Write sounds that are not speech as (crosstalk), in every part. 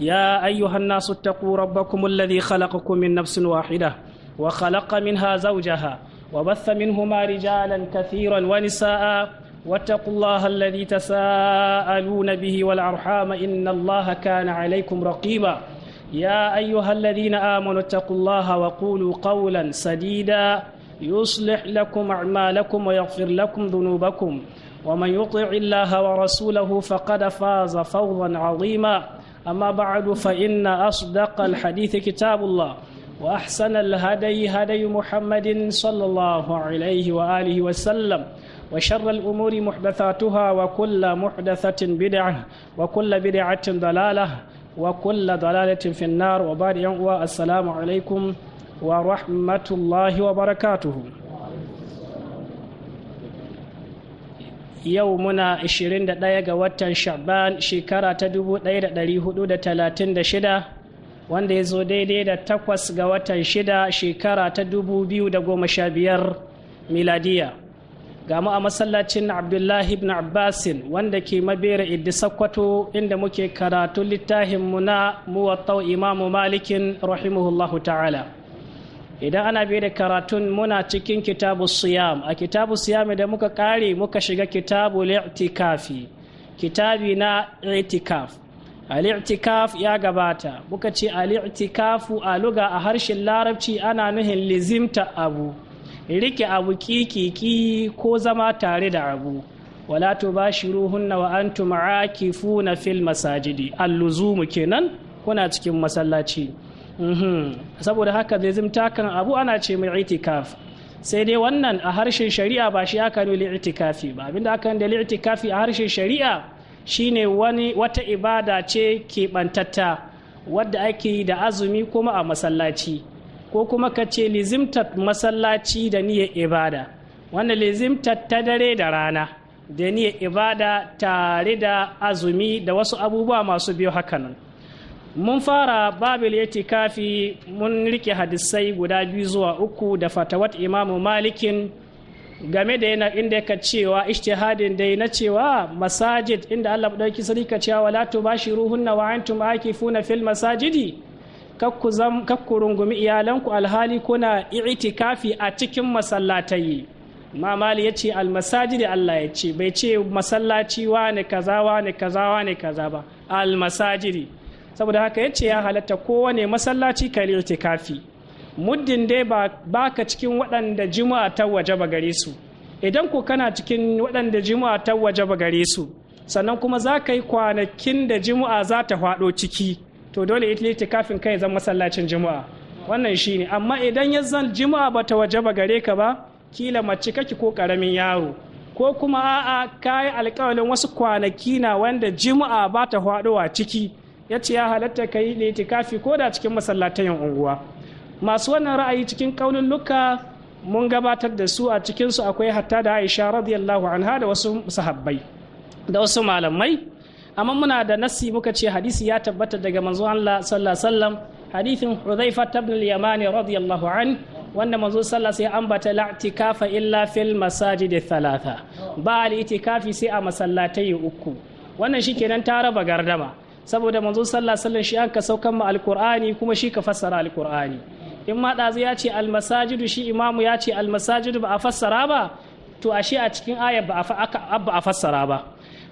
يا أيها الناس اتقوا ربكم الذي خلقكم من نفس واحدة وخلق منها زوجها وبث منهما رجالا كثيرا ونساء واتقوا الله الذي تساءلون به والأرحام إن الله كان عليكم رقيبا يا أيها الذين آمنوا اتقوا الله وقولوا قولا سديدا يصلح لكم أعمالكم ويغفر لكم ذنوبكم ومن يطع الله ورسوله فقد فاز فوضا عظيما أما بعد فإن أصدق الحديث كتاب الله وأحسن الهدي هدي محمد صلى الله عليه وآله وسلم وشر الأمور محدثاتها وكل محدثة بدعة وكل بدعة ضلالة وكل ضلالة في النار وبعد السلام عليكم ورحمة الله وبركاته yau muna 21 ga watan sha'ban shekara ta 1436 wanda ya zo daidai da takwas ga watan shida shekara ta 2015 miladiya ga mu a masallacin abdullahi ibn abbasin wanda ke mabera iddi sakwato inda muke karatu littafinmu na muwattau imamu malikin rahimahullahu ta'ala idan ana bi da karatun muna cikin kitabu siyam a kitabu siyam da muka kare muka shiga kitabu li'tikafi kitabi na itikaf al'i'tikaf ya gabata muka ce al'i'tikafu a luga a harshen larabci ana nuhin lizimta abu rike abu kikiki ko zama tare da abu wala to ba shi ruhunna wa antum aakifuna fil masajidi alluzumu kenan kuna cikin masallaci Mhm. saboda haka zai zimta kan abu ana ce mai itikaf sai dai wannan a harshen shari'a ba shi aka nuli itikafi ba abinda aka da itikafi a harshen shari'a shine wani wata ibada ce keɓantatta wadda ake yi da azumi kuma a masallaci ko kuma ka ce lizimtar masallaci da niyya ibada wanda lizimtar ta dare da rana da niyya ibada tare da azumi da wasu abubuwa masu biyu hakanan mun fara babil itikafi mun rike hadisai guda biyu zuwa uku da fatawat imamu malikin game da yana inda ka cewa ishtihadin dai na cewa masajid inda Allah dauki ka cewa wala tubashiruhunna wa antum akifuna fil masajidi kakku zam rungumi iyalanku alhali kuna i'tikafi a cikin masallatai mamali ya ce al Allah Allah ce bai ce masallaci wa ne kaza wa ne kaza wa ne kaza ba al masajidi saboda haka ya ce ya halatta kowane masallaci kai itikafi muddin dai ba ka cikin waɗanda jima'a ta waje ba gare su idan ko kana cikin waɗanda juma'a ta waje ba gare su sannan kuma za ka yi kwanakin da jima'a za ta faɗo ciki to dole itikafin kai zan masallacin juma'a wannan shine amma idan ya zan juma'a ba ta waje ba gare ka ba kila mace kake ko karamin yaro ko kuma a'a kayi alƙawarin wasu kwanaki na wanda jima'a ba ta faɗowa ciki ya ce ya halatta ka yi litikafi ko da cikin masallatayin unguwa masu wannan ra'ayi cikin kaunin luka mun gabatar da su a cikinsu akwai hatta da aisha radiyallahu anha da wasu sahabbai da wasu malamai amma muna da nasi muka ce hadisi ya tabbata daga manzo Allah sallallahu sallam hadithin Hudhaifa ibn al-Yamani radiyallahu an wanda manzo sallallahu sai ambata la'tikafa illa fil masajid thalatha ba al-itikafi sai a masallatai uku wannan shikenan ta raba gardama saboda manzo sallallahu alaihi wasallam shi an ka saukan ma alqur'ani kuma shi ka fassara alqur'ani in ma dazu ya ce almasajidu shi imamu ya ce almasajidu ba a fassara ba to ashe a cikin aya ba a fassara ba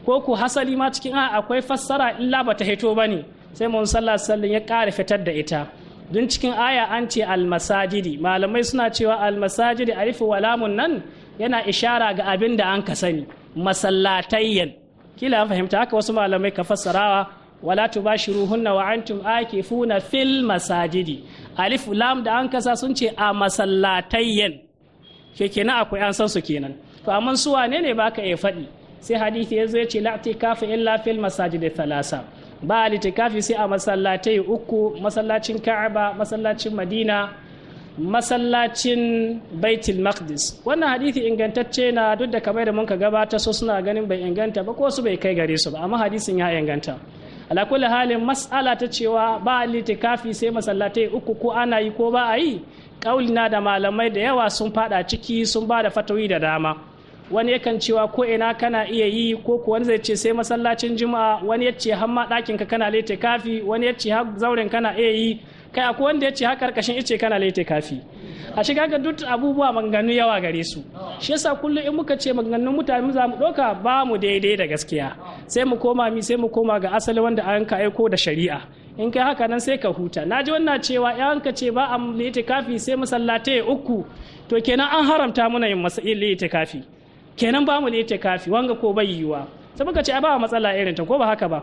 ko ku hasali ma cikin aya akwai fassara illa ba ta hito bane sai manzo sallallahu alaihi wasallam ya ƙara fitar da ita don cikin aya an ce almasajidi malamai suna cewa almasajidi alifu walamun nan yana ishara ga abin da an ka sani masallatayyan kila an fahimta haka wasu malamai ka fassarawa wala tubashiruhunna wa antum akifuna fil masajidi alif lam da an kasa sun ce a masallatayen ke kenan akwai an san su kenan to amma su wane ne baka iya faɗi sai hadisi yazo ya ce la tikafu illa fil masajidi thalasa ba litikafi sai a masallatai uku masallacin Ka'aba masallacin Madina masallacin baitul maqdis wannan hadisi ingantacce na duk da kamar da mun ka gabata so suna ganin bai inganta ba ko su bai kai gare su ba amma hadisin ya inganta ala kulli halin mas'ala ta cewa ba litikafi sai masallatai uku ko ana yi ko ba a yi kaulina da malamai da yawa sun fada ciki sun ba da fatawi da dama wani yakan cewa ko ina kana iya yi ko ko wani zai ce sai masallacin juma'a wani ya ce har ma ɗakin ka kana litikafi wani ya ce har zauren kana iya yi kai akwai wanda ya ce haka karkashin ice kana laite kafi a shiga ga duk abubuwa maganganu yawa gare su shi yasa kullum in muka ce maganganun mutane za mu ɗauka ba mu daidai da gaskiya sai mu koma mi sai mu koma ga asali wanda an ka aiko da shari'a in kai haka nan sai ka huta na ji wannan cewa yan ka ce ba a kafi sai masallatai uku to kenan an haramta muna yin kafi kenan ba mu kafi wanga ko bai yiwa sai muka ce ba matsala irin ta ko ba haka ba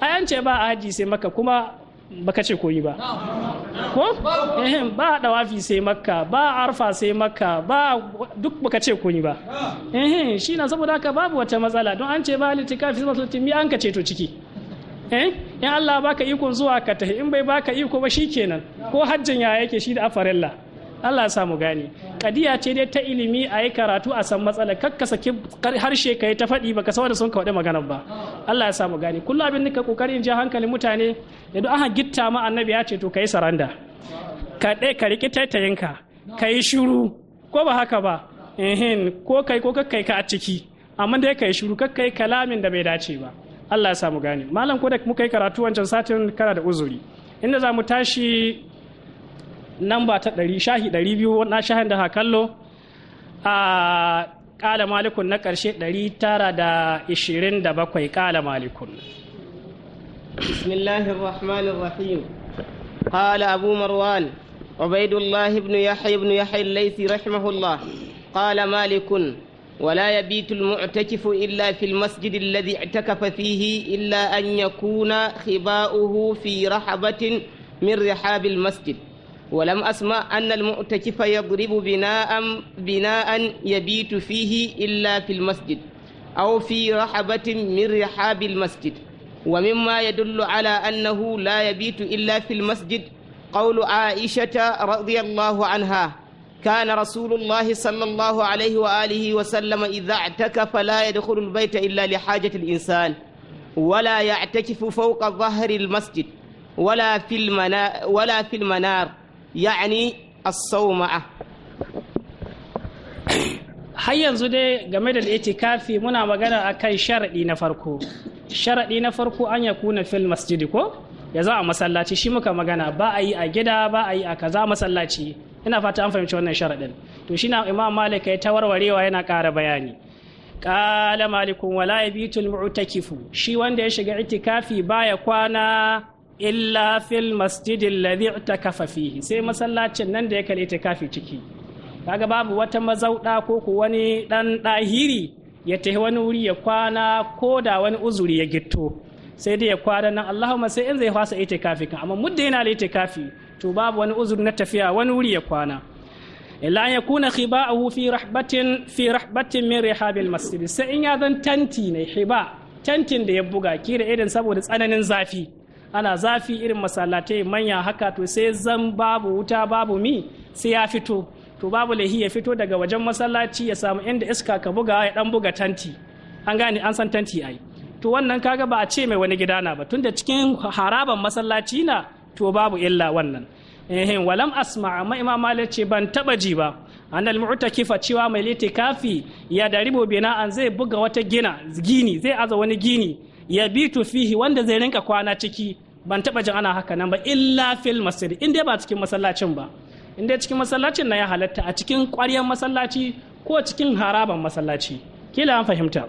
a yance ba a haji sai maka kuma baka ce koyi ba ko ba a dawafi sai makka ba a arfa sai makka ba duk baka ce koyi ba shi na saboda haka babu wata matsala don an ce ba litikafi zama sultimi an ka ceto ciki eh? in Allah baka ikon zuwa ka tafi in bai baka iko ba shi kenan ko hajjin yaya yake shi da afarella Allah ya mu gane kadiya ce dai ta ilimi a yi karatu a san matsala kakka saki harshe ka yi ta faɗi baka san wanda sun ka faɗi maganar ba Allah ya mu gane kullum abin nika kokarin ji hankalin mutane da duk aka gitta ma annabi ya ce to kai saranda ka ɗai ka riƙi taitayinka ka yi shiru ko ba haka ba ehin ko kai ko kakkai ka a ciki amma dai ka yi shiru kakkai kalamin da bai dace ba Allah ya mu gane malam ko da muka yi karatu wancan satin kana da uzuri inda za mu tashi namba ta ɗari shahi ɗari biyu na shahin da hakallo a ƙala malikun na ƙarshe ɗari tara da ishirin da bakwai ƙala malikun bismillahir rahmanir rahim qala abu marwan ubaidullah ibn yahya ibn yahya al-laythi rahimahullah qala malikun ولا يبيت المعتكف إلا في المسجد الذي اعتكف فيه إلا أن يكون خباؤه في رحبة من رحاب المسجد ولم أسمع أن المؤتكف يضرب بناء بناء يبيت فيه إلا في المسجد أو في رحبة من رحاب المسجد ومما يدل على أنه لا يبيت إلا في المسجد قول عائشة رضي الله عنها كان رسول الله صلى الله عليه وآله وسلم إذا اعتكف لا يدخل البيت إلا لحاجة الإنسان ولا يعتكف فوق ظهر المسجد ولا في, المنار, ولا في المنار ya'ani as-sawma'a har yanzu dai game da itikafi muna magana akan sharaɗi na farko sharaɗi na farko an kuna fil masjidi ko ya za a masallaci shi muka magana ba a yi a gida ba a yi a kaza masallaci ina fata an fahimci wannan sharaɗin to shi na imam malik ya ta warwarewa yana ƙara bayani ƙala malikun wala ya bitul mu'takifu shi wanda ya shiga itikafi baya kwana illa fil masjidin ladhi i'takafa fihi sai masallacin nan da ya kale kafi ciki kaga babu wata mazauda ko ku wani dan dahiri ya tafi wani wuri ya kwana ko da wani uzuri ya gitto sai dai ya kwana nan Allahumma sai in zai fasa itikafi kan amma mudda yana itikafi to babu wani uzuri na tafiya wani wuri ya kwana illa ya kuna hiba fi rahbatin fi rahbatin min rihabil masjid sai in ya zan tanti ne hiba tantin da ya buga kira irin saboda tsananin zafi ana zafi irin masallatai manya haka to sai zan babu wuta babu mi sai ya fito to babu lahi ya fito daga wajen masallaci ya samu inda iska ka buga ya dan buga tanti an gane an san tanti ai to wannan kaga ba a ce mai wani gidana ba tunda cikin haraban masallaci na to babu illa wannan ehin walam asma amma imam malik ce ban taba ji ba al mu'takifa cewa mai litikafi ya daribo bina an zai buga wata gina gini zai aza wani gini ya yabitu fihi wanda zai rinka kwana ciki ban taba jin ana haka nan ba illa fil masjid in dai ba cikin masallacin ba in dai cikin masallacin na ya halatta a cikin ƙwaryar masallaci ko cikin haraban masallaci kila an fahimta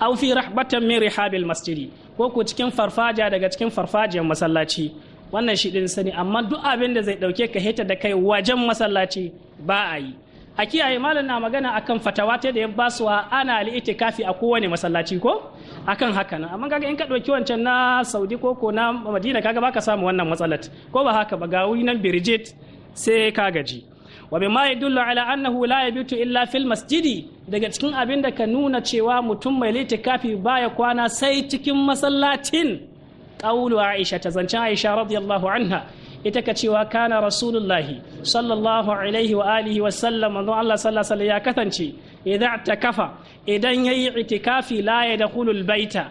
aw (clears throat) fi rahbatan min rihabil masjid ko ko cikin farfaja daga cikin farfajiyar masallaci wannan shi din sani amma duk abin da zai dauke ka heta da kai wajen masallaci ba a yi a kiyaye malam na magana akan fatawa ta da ya wa ana al'itikafi a kowane masallaci ko akan haka na amma kaga in ka ɗauki wancan na saudi ko ko na madina kaga baka samu wannan matsalat ko ba haka ba ga nan birjit sai ka gaji wa bima yadullu ala annahu la yabitu illa fil masjidi daga cikin abin da ka nuna cewa mutum mai litikafi baya kwana sai cikin masallacin qawlu aisha ta zancen aisha radiyallahu anha ita ka cewa kana rasulullahi sallallahu alaihi wa alihi wa sallam manzon Allah sallallahu alaihi ya kasance idan ta kafa idan yayi itikafi la yadkhulul baita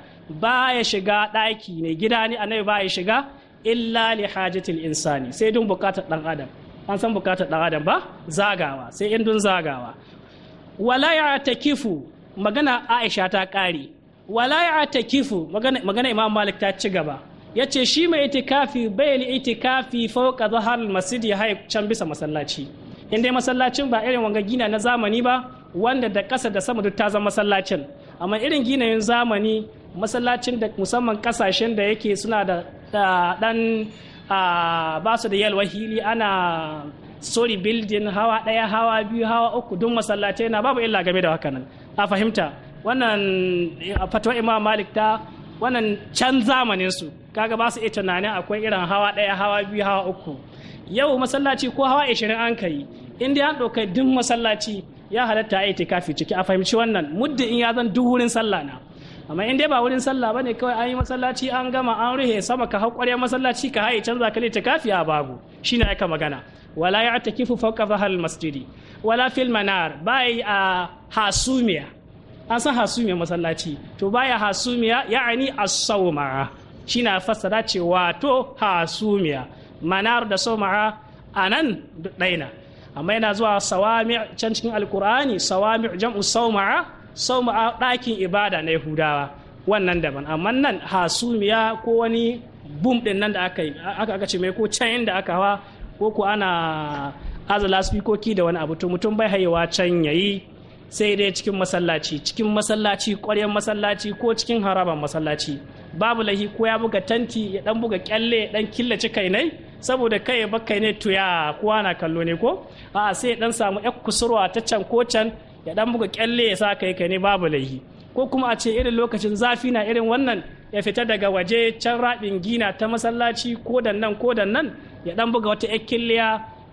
ya shiga daki ne gida ne annabi ya shiga illa li hajatil insani sai dun bukatar dan adam an san bukatar dan adam ba zagawa sai in dun zagawa wala ya takifu magana Aisha ta kare wala ya takifu magana magana Imam Malik ta ci gaba ya ce shi mai itikafi bai itikafi fauka zahar masjid ya haye can bisa masallaci in dai masallacin ba irin wanga gina na zamani ba wanda da ƙasa da sama duk ta zama masallacin amma irin ginayen zamani masallacin da musamman ƙasashen da yake suna da ɗan ba su da yalwa hili ana sori bildin hawa ɗaya hawa biyu hawa uku duk masallacin na babu illa game da hakanan a fahimta wannan fatwa imam malik ta wannan can zamanin su kaga ba su iya tunanin akwai irin hawa ɗaya hawa biyu hawa uku yau masallaci ko hawa ishirin an kai in dai an ɗauka duk masallaci ya halatta a itikafi ciki a fahimci wannan muddin in ya zan duk wurin sallah na amma in dai ba wurin sallah bane kawai an yi masallaci an gama an ruhe sama ka haƙwarya masallaci ka haye canza ka kafi a babu shine aika magana wala ya takifu fawqa zahal masjidi wala fil manar bai a hasumiya an san hasumiya masallaci to baya hasumiya ya'ani as-sawma shi na fassara ce wato hasumiya manar da soma'a a nan daina amma yana zuwa sawami can cikin alkur'ani sawami jam'u sau ma'a ɗakin ibada na yahudawa wannan daban amma nan hasumiya ko wani bum ɗin nan da aka aka ce mai ko can da aka hawa ko ko ana azala spikoki da wani abu to mutum bai haihuwa can yayi sai dai cikin masallaci cikin masallaci ƙwaryar masallaci ko cikin haraban masallaci babu lahi ko ya buga tanti ya dan buga kyalle ya dan killace kainai saboda kai ya bakkai ne tuya kowa na kallo ne ko a sai ya dan samu yak kusurwa ta can ko can ya dan buga kyalle ya sa kai kai ne babu lahi ko kuma a ce irin lokacin zafi na irin wannan ya fita daga waje can rabin gina ta masallaci ko dan nan ko dan nan ya dan buga wata yak killiya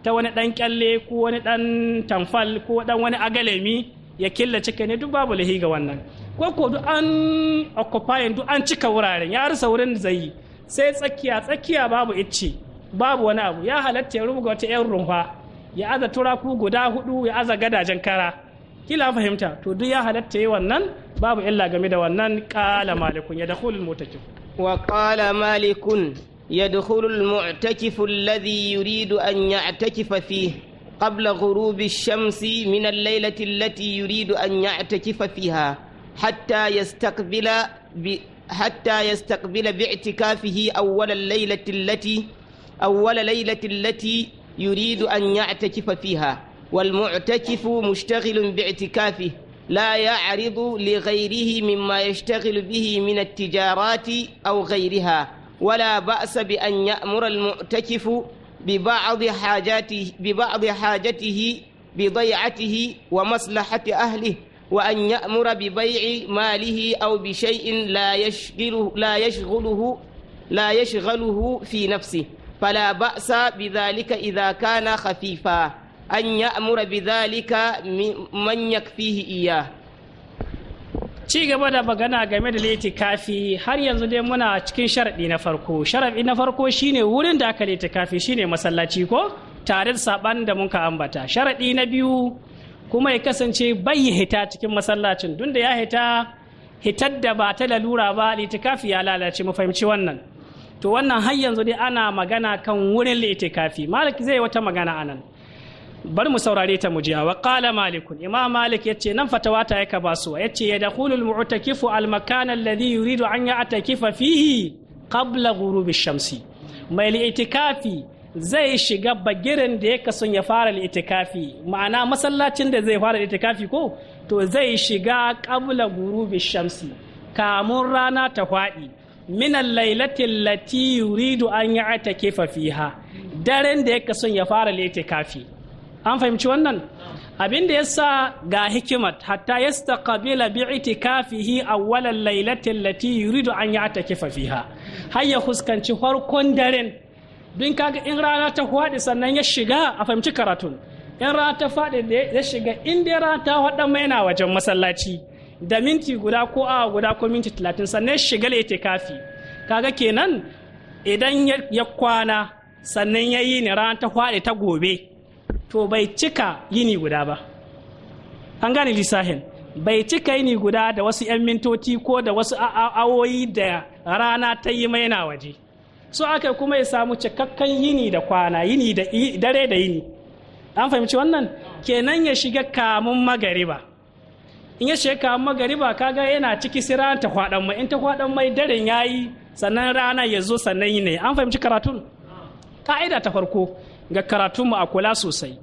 ta wani dan kyalle ko wani dan tamfal ko dan wani agalemi ya killace kai ne duk babu lahi ga wannan ko ko duk an occupying duk an cika wuraren ya rasa wurin zayi yi sai tsakiya tsakiya babu icce babu wani abu ya halatta ya rubuga wata yan rumfa ya aza turaku guda hudu ya aza gadajen kara kila fahimta to duk ya halatta yi wannan babu illa game da wannan kala malikun ya dakhulul mutakif wa qala malikun يدخل المعتكف الذي يريد أن يعتكف فيه قبل غروب الشمس من الليلة التي يريد أن يعتكف فيها حتى يستقبل ب... حتى يستقبل باعتكافه أول الليلة التي أول ليلة التي يريد أن يعتكف فيها والمعتكف مشتغل باعتكافه لا يعرض لغيره مما يشتغل به من التجارات أو غيرها ولا بأس بأن يأمر المعتكف ببعض حاجاته ببعض حاجته بضيعته ومصلحة أهله وأن يأمر ببيع ماله أو بشيء لا يشغله لا يشغله لا يشغله في نفسه فلا بأس بذلك إذا كان خفيفا أن يأمر بذلك من يكفيه إياه ci gaba da magana game da litikafi har yanzu dai muna cikin sharaɗi na farko sharaɗi na farko shine wurin da aka litikafi shine masallaci ko tare da saban da muka ambata sharaɗi na biyu kuma ya kasance bai hita cikin masallacin tun da ya hita hitar da ba ta lalura ba litikafi ya lalace mu fahimci wannan to wannan har yanzu dai ana magana kan wurin litikafi malik zai wata magana anan bari mu saurare ta mu jiya wa qala malikun imam malik yace nan fatawa ta yaka basuwa yace ya dakhulul mu'takifu al makan alladhi yuridu an ya'takifa fihi qabla ghurubi shamsi mai itikafi zai shiga bagirin da yake son ya fara itikafi ma'ana masallacin da zai fara itikafi ko to zai shiga qabla ghurubi shamsi kamun rana ta faɗi minan lailatin lati yuridu an ya'takifa fiha daren da yake son ya fara itikafi an fahimci wannan abin da ya sa ga hikimat hatta yastaqbila bi itikafihi awwalal lailati allati yuridu an ya'takifa fiha har ya huskanci farkon daren bin kaga in rana ta fadi sannan ya shiga a fahimci karatun in rana ta faɗi ya shiga in dai rana ta fadi mai na wajen masallaci da minti guda ko awa guda ko minti talatin sannan ya shiga kafi kaga kenan idan ya kwana sannan ya yi ni rana ta fadi ta gobe to bai cika yini guda ba an gane lissahin bai cika yini guda da wasu 'yan mintoci ko da wasu awoyi da rana ta yi maina waje so aka kuma ya samu cikakken yini da kwana yini da dare da yini an fahimci wannan kenan ya shiga kamun magariba in ya shiga kamun magariba kaga yana ciki sai ta kwaɗan mai in ta kwaɗan mai daren yayi sannan rana ya zo sannan yi an fahimci karatun ka'ida ta farko ga mu a kula sosai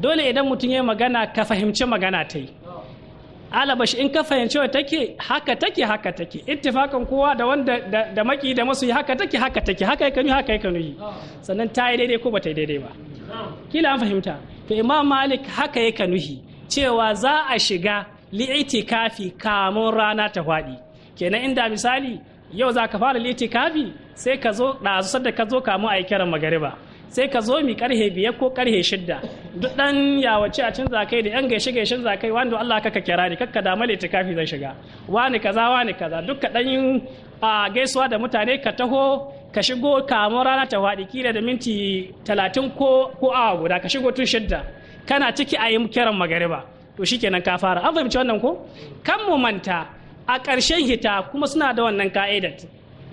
dole idan mutum ya magana ka fahimci magana ta yi alabashi in ka fahimci wa take haka take haka take ittifakan kowa da wanda da maki da masu haka take haka take haka yakan yi haka yakan yi sannan ta yi daidai ko ba ta yi daidai ba kila an fahimta to imam malik haka yakan nuhi cewa za a shiga li'itikafi kamun rana ta faɗi kenan inda misali yau za ka fara li'itikafi sai ka zo da sadda ka zo kamun a yi kiran magariba sai ka zo mi karhe biyar ko karhe shidda duk dan yawace a cin zakai da yan gaishe gaishen zakai wanda Allah kaka kira ni kakka da male kafi zai shiga wani kaza wani kaza duk dan yin gaisuwa da mutane ka taho ka shigo kamun rana ta faɗi kila da minti talatin ko ko awa guda ka shigo tun shidda kana ciki a yi kiran magariba to shikenan ka fara an fahimci wannan ko kan mu manta a ƙarshen hita kuma suna da wannan ka'idat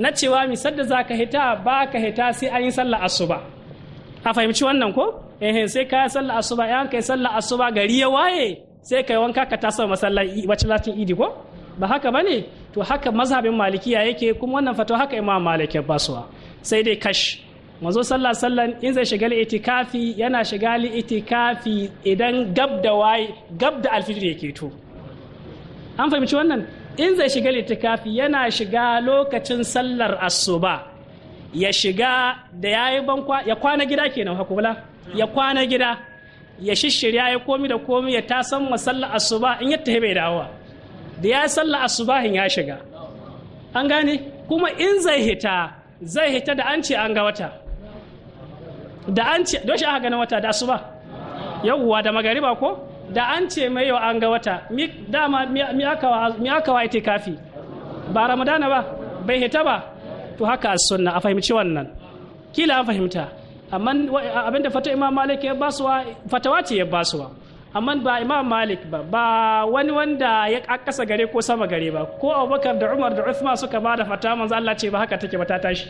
na cewa misal da zaka hita ba ka hita sai an yi sallah asuba a fahimci wannan ko eh sai ka sallah asuba yan kai sallah asuba gari ya waye sai kai wanka ka tasa masallaci lacin idi ko ba haka ba ne, to haka mazhabin malikiya yake kuma wannan fatawa haka imam malik ya basuwa sai dai kash manzo sallah sallan in zai shiga itikafi yana shiga itikafi idan gab da waye gab da alfijir yake to an fahimci wannan in zai shiga itikafi yana shiga lokacin sallar asuba ya shiga da ya yi bankwa ya kwana gida kenan hakula ya kwana gida ya shishirya ya komi da komi ya ta san masalla asuba in ya tafi bai dawowa da ya salla in ya shiga an gane kuma in zai hita zai hita da an ce an ga wata da an ce doshi aka ganin wata da asuba yawwa da magariba ko da an ce mai yau an ga wata dama mi aka wa kafi ba ramadana ba bai hita ba to haka a sunna a fahimci wannan kila an fahimta amma abinda fata imam malik ya basuwa fatawa ce ya basuwa amma ba imam malik ba ba wani wanda ya akasa gare ko sama gare ba ko abubakar da umar da uthman suka ba da fata manzo Allah ce ba haka take ba ta tashi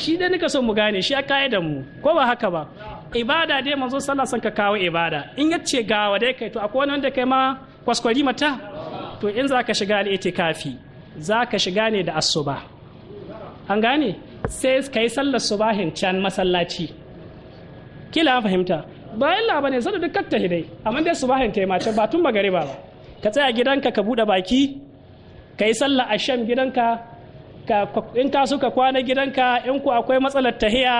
shi dai nika so mu gane shi a da mu ko ba haka ba ibada dai manzo sallah san ka kawo ibada in ya ce ga wa dai kai to akwai wani wanda kai ma kwaskwari mata to in za ka shiga al'itikafi za ka shiga ne da asuba an gane sai ka yi sallar subahin can masallaci kila an fahimta bayan laba ne da dukkan ta hidai amma dai subahin ta yi mace ba tun ba ba ka tsaya gidanka ka buɗe baki ka yi sallar shan gidanka in ka suka kwana gidanka in ku akwai matsalar tahiya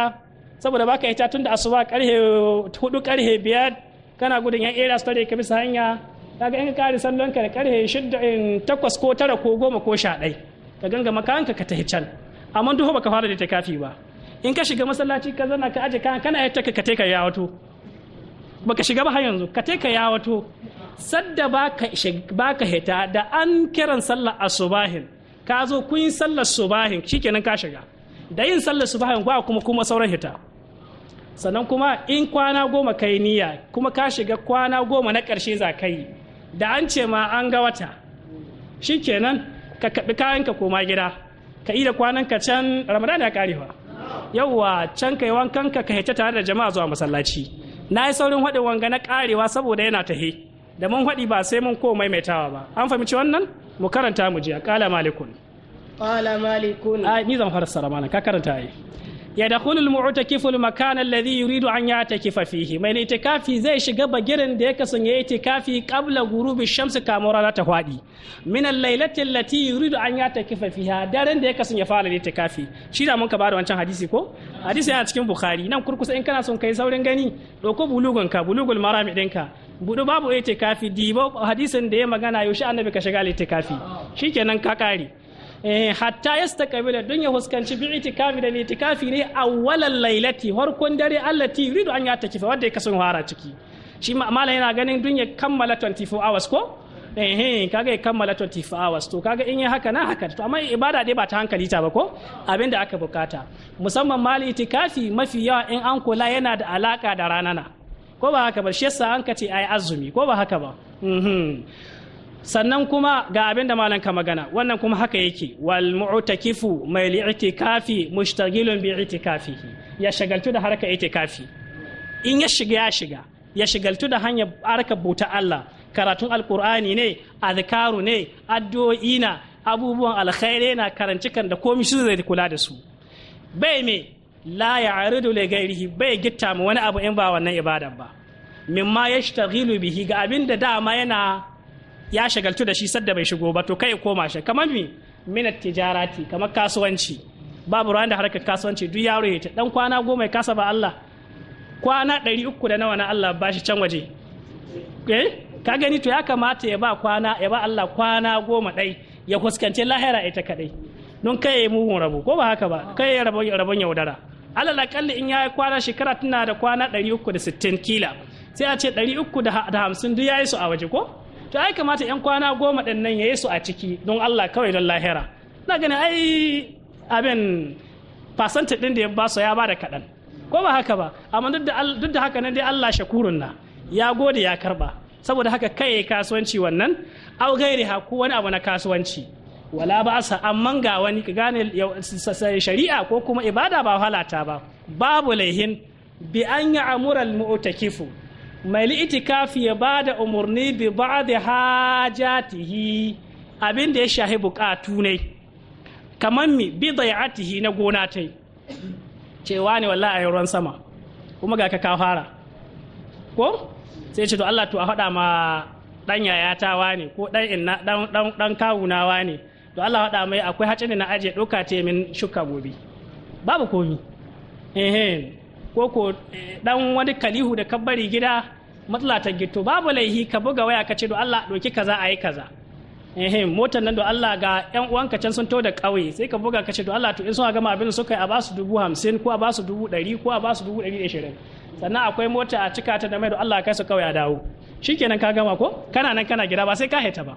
saboda baka yi tun da asuba karhe hudu karhe biyar kana gudun yan era su tare ka bisa hanya kaga in kare sallon ka da karhe shidda eh, takwas ko tara ko goma ko sha ɗai ka ganga makanka ka tahi can amma ba baka fara da tikafi ba in ka shiga masallaci ka zana ka aje kana kana yatta ka ka ya wato baka shiga ba har yanzu ka ka ya wato sadda baka baka hita da an kiran sallar asubahin ka zo kun yi sallar subahin shikenan ka shiga da yin sallar subahin ba kuma kuma sauran hita sannan kuma in kwana goma ka yi niyya kuma ka shiga kwana goma na ƙarshe za ka yi da an ce ma an ga wata shikenan ka kaɓi kayanka koma gida ka da kwanan ka can ramadan ya karewa yauwa can kai wankan ka hece tare da jama'a zuwa masallaci na yi saurin haɗin wanga na karewa saboda yana tahe da mun haɗi ba sai mun ko maimaitawa ba an fahimci wannan mu karanta mu jiya kala malikun qala malikun a ni zan fassara mana ka karanta ai yadkhulu almu'takifu almakan alladhi yuridu an ya'takifa fihi mai itikafi zai shiga bagirin da ya kasan ya itikafi qabla ghurubi shamsi kamar rana ta hwadi min al-lailati allati yuridu an ya'takifa fiha daren da ya kasan ya fara itikafi shi da mun ka bada wancan hadisi ko hadisi yana cikin bukhari nan kurkusa in kana son kai saurin gani doko bulugun ka bulugul marami dinka budu babu itikafi dibo hadisin da ya magana yaushe annabi ka shiga itikafi shikenan ka kare eh hatta kabila don ya huskanci bi itikafi da itikafi ne a walan lailati harkon dare Allah yi yuridu an kifa wadda ya kasu hara ciki shi malam yana ganin dun ya kammala 24 hours ko eh kaga ya kammala 24 hours to kaga in yi haka na haka to amma ibada dai ba ta hankali ta ba ko abin da aka bukata musamman mali itikafi mafi yawa in an kula yana da alaka da ranana ko ba haka ba shi yasa an ka ce ai azumi ko ba haka ba mhm. sannan kuma ga abin da malam ka magana wannan kuma haka yake wal mu'takifu mai li'itikafi mushtagilun bi i'tikafihi ya shagaltu da harka itikafi in ya shiga ya shiga ya shagaltu da hanyar harka buta Allah karatun alkur'ani ne azkaru ne addu'o'i na abubuwan alkhairi na karancikan da komai shi zai kula da su bai me la ya'ridu li ghairihi bai gitta mu wani abu in ba wannan ibadar ba mimma yashtaghilu bihi ga abin da dama yana ya shagaltu da shi sadda bai shigo ba to kai ya koma shi kamar mi minat tijarati kamar kasuwanci babu ruwan da harkar kasuwanci duk yaro ya ta dan kwana goma ya kasa ba Allah kwana ɗari uku da nawa na Allah ba shi can waje eh? ka gani to ya kamata ya ba kwana ya ba Allah kwana goma ɗai ya fuskanci lahira ita kaɗai don kai ya yi muhun rabo ko ba haka ba kai ya rabon yaudara alal akalli in ya yi kwana shekara tana da kwana 360 kila sai a ce ɗari hamsin duk ya yi su a waje ko to ai kamata yan kwana goma ɗin nan ya yi su a ciki don Allah kawai don lahira na gani ai abin fasanta ɗin da ya basu ya bada kaɗan ko ba haka ba amma duk da haka nan dai Allah shakurun na ya gode ya karba saboda haka kai kasuwanci wannan au gairi ha ko wani abu na kasuwanci wala ba sa amma ga wani ka gane shari'a ko kuma ibada ba halata ba babu laihin bi an ya amura al-mu'takifu mai li'itikafi ya ba da umarni bi ba da hajatihi abin da ya shahi bukatu ne kamar mi bi atihi na gona ta cewa ne walla a ruwan sama kuma ga ka fara ko sai ce to Allah to a faɗa ma dan yayata wane ko dan inna ɗan dan ɗan kawuna wane to Allah faɗa mai akwai hacin na aje doka te min shuka gobe babu komi ko ko eh, ɗan wani kalihu da kabbari gida matsala ta gito babu laihi ka buga waya ka ce do Allah doki kaza a yi kaza ehem motar nan do Allah ga ƴan uwanka can sun to da ƙauye sai ka buga ka ce do Allah to in sun gama abin suka yi a basu dubu hamsin ko a basu dubu ɗari ko a basu dubu ɗari ashirin sannan akwai mota a cika ta da mai do Allah kai su ƙauye a dawo shikenan ka gama ko kana nan kana gida ba sai ka haita ba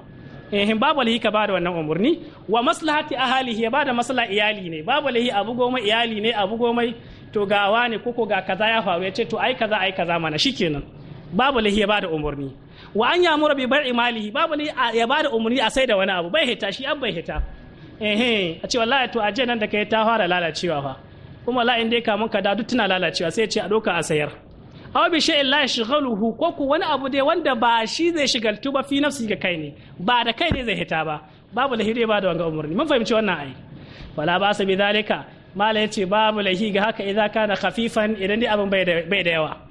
ehem babu laihi ka bada wannan umurni wa maslahati ahalihi ya bada masala iyali ne babu laihi abu goma iyali ne abu goma to ga wani koko ga kaza ya faru ya ce to ai kaza ai kaza mana shikenan babu lahi ya bada umarni wa an ya mura bi bar'i malihi babu lahi ya bada umarni a sai da wani abu bai hita shi an bai hita eh a ce wallahi to aje nan da kai ta fara lalacewa fa kuma la in dai ka mun ka da duk tana lalacewa sai ce a doka a sayar aw bi shay'in la yashghaluhu ko ku wani abu dai wanda ba shi zai shigaltu ba fi nafsi ga kai ne ba da kai ne zai hita ba babu lahi dai bada wanga umarni mun fahimci wannan ai wala ba sa bi zalika mala yace babu lahi ga haka idan kana khafifan idan dai abin bai da yawa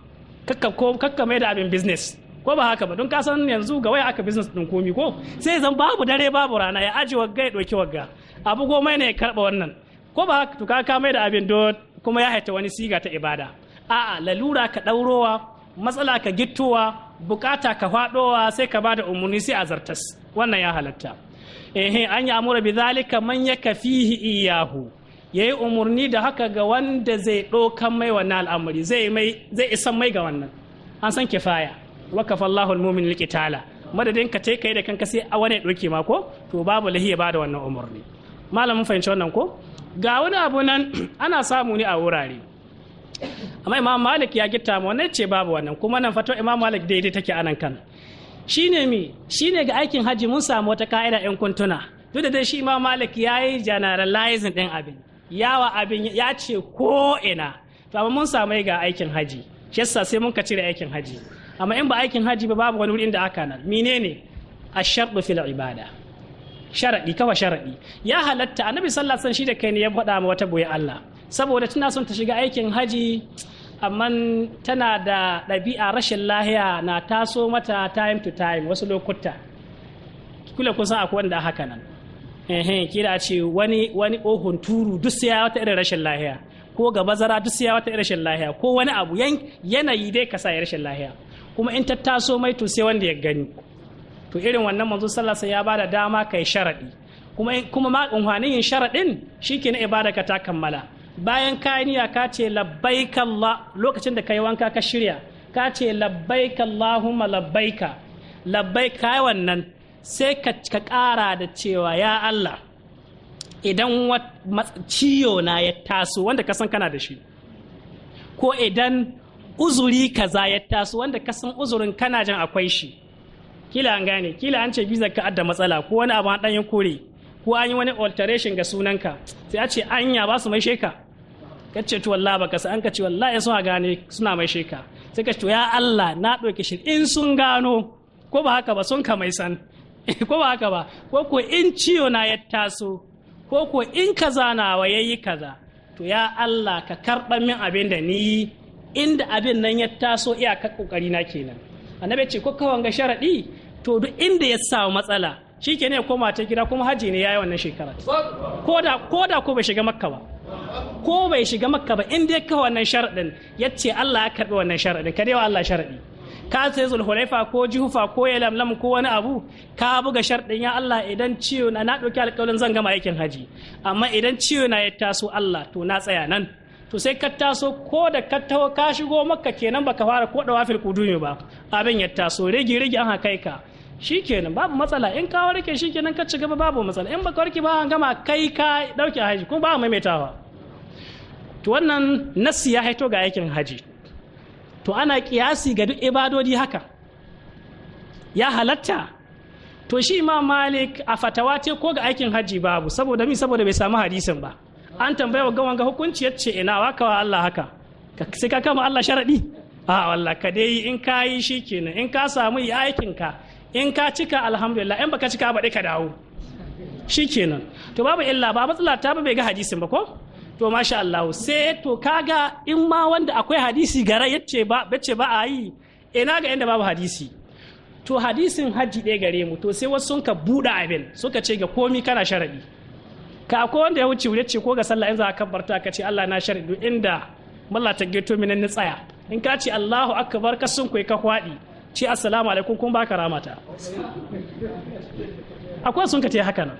kakka ko kakka mai da abin business ko ba haka ba don ka san yanzu ga waya aka business din komi ko sai zan babu dare babu rana ya aje wagga ya doki wagga abu goma ne ya karba wannan ko ba haka to ka ka mai da abin do kuma ya haita wani siga ta ibada a'a lalura ka daurowa matsala ka gittowa bukata ka fadowa sai ka bada umarni sai azartas wannan ya halatta eh an ya amura bi zalika man yakafihi iyahu ya yi umarni da haka ga wanda zai ɗaukan mai wannan al'amari zai isan mai ga wannan an san kifaya waka Allahu al-mumin liqitala madadin ka kai da kanka sai a wani ɗauke ma to babu lahiya ba da wannan umarni malamin fahimci wannan ko ga wani abu nan (clears throat) ana samu ne a wurare amma imam malik ya gitta ma wannan ce babu wannan kuma nan fato imam malik daidai take anan kan shine mi shine ga aikin haji mun samu wata ka'ida yan kuntuna duk da dai shi imam malik yi generalizing din abin yawa abin ya ce ko ina to amma mun samu ga aikin haji shi sai mun ka cire aikin haji amma in ba aikin haji ba babu wani wurin da aka nan menene asharɗu fil ibada sharaɗi kawa sharaɗi ya halatta annabi sallallahu alaihi shi da kai ne ya faɗa ma wata boye Allah saboda tana son ta shiga aikin haji amma tana da ɗabi'a rashin lahiya na taso mata time to time wasu lokuta kula kusan akwai wanda haka nan ehe kira ce wani wani ohun turu duk sai wata irin rashin lahiya ko ga bazara duk sai wata irin rashin lahiya ko wani abu yanayi dai ka sa rashin lahiya kuma in tattaso mai to sai wanda ya gani to irin wannan manzo sallallahu ya bada dama kai sharadi kuma kuma ma unhwanin yin sharadin shike na ibada ka ta kammala bayan ka niyya ka ce labbaika Allah lokacin da kai wanka ka shirya ka ce labbaika Allahumma labbaika labbaika wannan sai ka ƙara da cewa ya Allah idan ciyo na ya taso wanda ka san kana da shi ko idan uzuri kaza ya taso wanda ka san uzurin kana jan akwai shi kila an gane kila an ce bizar ka adda matsala ko wani abu an kore ko an yi wani alteration ga sunanka sai a ce anya ba su mai sheka ka ce to wallahi baka san ka ce wallahi sun gane suna mai sheka sai ka ce to ya Allah na ɗauki shi in sun gano ko ba haka ba sun ka mai san (laughs) ko ba haka ba ko ko in ciyo na ya taso ko ko in kaza nawa yayi kaza to ya Allah ka karɓa min abin da ni inda abin nan ya taso ka kokari na kenan annabi ce ko kawan ga sharadi to duk inda ya samu matsala shi ke ne koma ta gida kuma haji ne ya yi wannan shekara ko da ko bai shiga makka ba ko bai shiga makka ba inda ya kawo wannan sharaɗin ya ce allah ya karɓi wannan sharaɗin ka wa allah sharaɗi ka sai zulhulaifa ko jihufa ko ya lamlam ko wani abu ka buga sharɗin ya Allah idan ciwo na na ɗauki alƙawarin zan gama aikin haji amma idan ciwo na ya taso Allah to na tsaya nan to sai ka taso ko da ka taho ka shigo makka kenan baka fara ko da wafil kudumi ba abin ya taso rigi rigi an haka ka shikenan babu matsala in ka warke shikenan ka ci gaba babu matsala in baka warke ba an gama kai ka ɗauki haji kuma ba maimaitawa to wannan nasi ya haito ga aikin haji to ana kiyasi ga duk ibadodi haka ya halatta to shi imam malik a fatawa ce ko ga aikin hajji babu saboda mi saboda bai samu hadisin ba an tambaya wa gawan ga hukunci ya ce ina waka wa Allah haka sai ka kama Allah sharadi a wallah ka dai in ka yi shi kenan in ka samu yi aikin ka in ka cika alhamdulillah in baka cika ba dai ka dawo shi kenan to babu illa ba matsala ta ba bai ga hadisin ba ko to masha Allah sai to kaga in ma wanda akwai hadisi gara yace ba bace ba a yi ina eh, ga inda babu hadisi to hadisin hajji ɗaya gare mu to sai wasu sun ka buɗe abin suka ce ga komi kana sharaɗi ka akwai wanda ya wuce wuce ko ga sallah in za ka barta ka ce Allah na sharadi inda mallah ta geto minan ni tsaya in ka ce Allahu akbar ka sun kai ka kwadi ce assalamu alaikum kun baka ramata akwai sun ka ce haka nan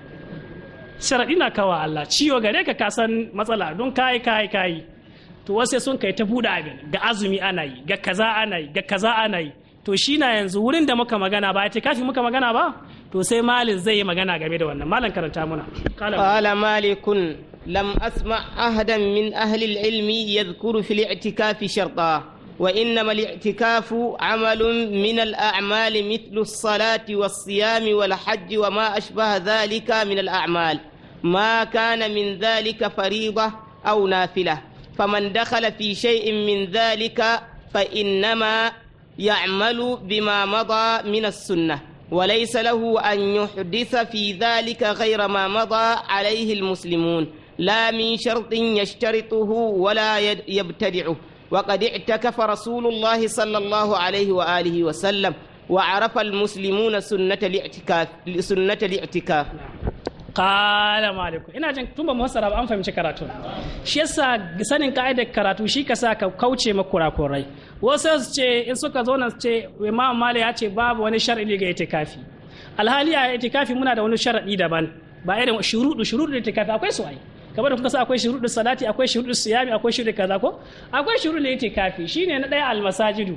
sharaɗi na kawa Allah ciwo gare ka kasan matsala don kayi kayi kayi to wasu sun kai ta buɗe abin ga azumi ana yi ga kaza ana yi ga kaza ana yi to shi na yanzu wurin da muka magana ba ta kafi muka magana ba to sai malin zai yi magana game da wannan malam karanta muna qala malikun lam asma ahadan min ahli ilmi yadhkuru fil i'tikafi sharta وإنما الاعتكاف عمل من الأعمال مثل الصلاة والصيام والحج وما أشبه ذلك من الأعمال ما كان من ذلك فريضة أو نافلة فمن دخل في شيء من ذلك فإنما يعمل بما مضى من السنة وليس له أن يحدث في ذلك غير ما مضى عليه المسلمون لا من شرط يشترطه ولا يبتدعه وقد اعتكف رسول الله صلى الله عليه وآله وسلم وعرف المسلمون سنة الاعتكاف سنة الاعتكاف kala maliku ina jin tun ba mu hasara ba an fahimci karatu shi yasa sanin ka'idar karatu shi ka sa ka kauce ma kurakurai wasu su ce in suka zo nan su ce imam mali ya ce babu wani shar'i ga itikafi alhali a itikafi muna da wani sharadi daban ba irin shurudu shurudu itikafi akwai su ai kamar da kuka sa akwai shurudu salati akwai shurudu siyami akwai shurudu kaza ko akwai shurudu itikafi shine na daya almasajidu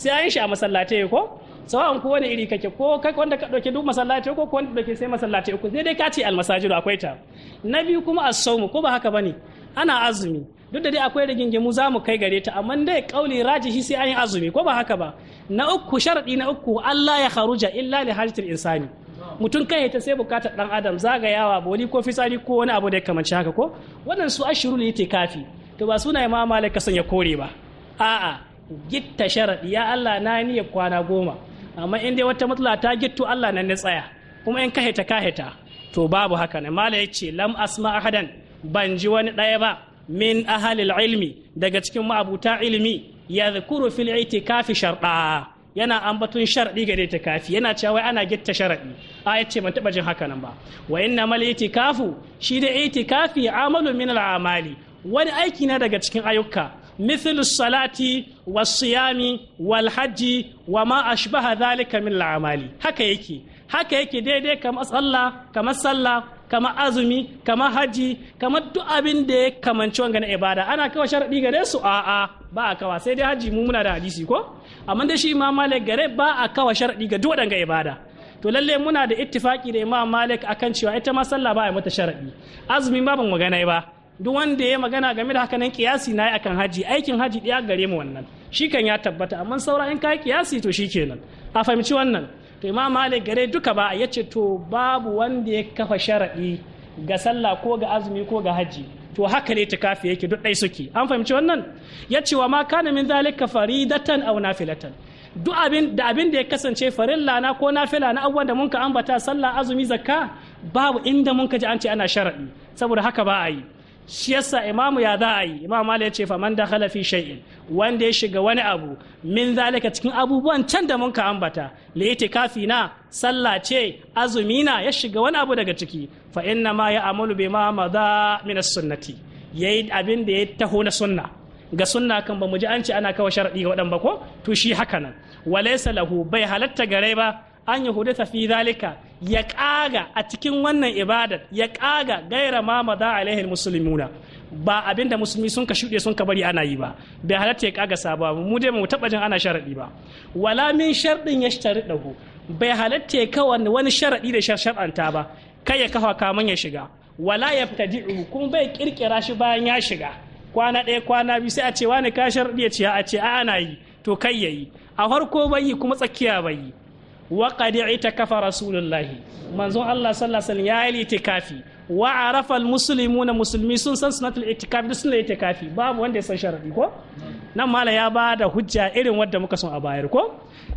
sai an yi shi a masallatai ko sawa'an ko wani iri kake ko kai wanda ka dauke duk masallaci ko ko wanda dauke sai masallaci uku sai dai ka ce almasajidu akwai ta na biyu kuma as-sawmu ko ba haka bane ana azumi duk da dai akwai rigingimu za mu kai gare ta amma dai kauli rajihi sai an yi azumi ko ba haka ba na uku sharadi na uku Allah ya kharuja illa li hajatil insani mutum kan ta sai bukatar dan adam zagayawa boli ko fitsari ko wani abu da ya kamanci haka ko wannan su ashiru ne yake kafi to ba suna ma malaka san ya kore ba a'a gitta sharadi ya Allah na niyya kwana goma amma in dai wata matsala ta gitto Allah nan ne tsaya kuma in kaheta kaheta to babu haka ne mala yace lam asma ahadan ban ji wani ɗaya ba min ahalil ilmi daga cikin ma'abuta ilmi ya zikuru fil itikafi sharɗa yana ambatun sharɗi ga ta kafi yana cewa wai ana gitta sharaɗi a ya ce ban taɓa jin haka nan ba wa inna mal itikafu shi da itikafi amalu min al amali wani aiki na daga cikin ayyuka Misilu salati wa والحج وما أشبه ذلك من الأعمال هكا يكي هكا يكي دي دي كما صلى كما صلى kama azumi kama haji kama duk abin da ya kamanci wangan ibada ana kawa sharaɗi gare su a'a ba a kawa sai dai haji mu muna da hadisi ko amma da shi imam malik gare ba a kawa sharaɗi ga duk waɗanga ibada to lallai muna da ittifaki da imam malik akan cewa ita ma sallah ba a mata sharaɗi azumi ma ban magana ba duk wanda ya magana game da haka nan kiyasi na yi akan haji aikin haji ɗaya gare mu wannan shi kan ya tabbata amma saura in ka yi kiyasi to shi kenan a fahimci wannan to imam malik gare duka ba ya ce to babu wanda ya kafa sharaɗi ga sallah ko ga azumi ko ga haji to haka ne ta kafi yake duk ɗai suke an fahimci wannan ya ce wa ma kana min zalika faridatan aw nafilatan duk abin da abin da ya kasance farilla na ko nafila na abubuwan da mun ka ambata sallah azumi zakka babu inda mun ka ji an ce ana sharaɗi saboda haka ba a yi shi yasa imamu ya za a yi imamu ala ya ce faman da halafi shay'in wanda ya shiga wani abu min zalika cikin abubuwan can da mun ka ambata li itikafi na sallah ce azumi na ya shiga wani abu daga ciki fa inna ma ya amalu ma madha min as-sunnati yayi abin da ya taho na sunna ga sunna kan ba mu ji an ce ana kawo sharadi ga wadan ba ko to shi haka nan walaysa lahu bai halatta gare ba an yahudata fi zalika ya kaga a cikin wannan ibadar ya kaga gaira ma maza alaihi musulmuna ba abin da musulmi sun ka shuɗe sun ka bari ana yi ba bai halatta ya kaga saba mu dai mu taɓa jin ana sharaɗi ba wala min sharɗin ya shi bai halatta ya kawo wani sharaɗi da shar'anta ba kai ya kafa kaman ya shiga wala ya yabtadi'u kuma bai kirkira shi bayan ya shiga kwana ɗaya kwana biyu sai a ce wani ka sharaɗi ya ce a ce a ana yi to kai ya yi a farko bai yi kuma tsakiya bai yi wa qad kafa rasulullahi manzo Allah sallallahu alaihi ya yi itikafi wa arafa almuslimuna musulmi sun san sunatul itikafi sun suna itikafi babu wanda ya san sharaɗi ko nan mala ya ba da hujja irin wadda muka son a bayar ko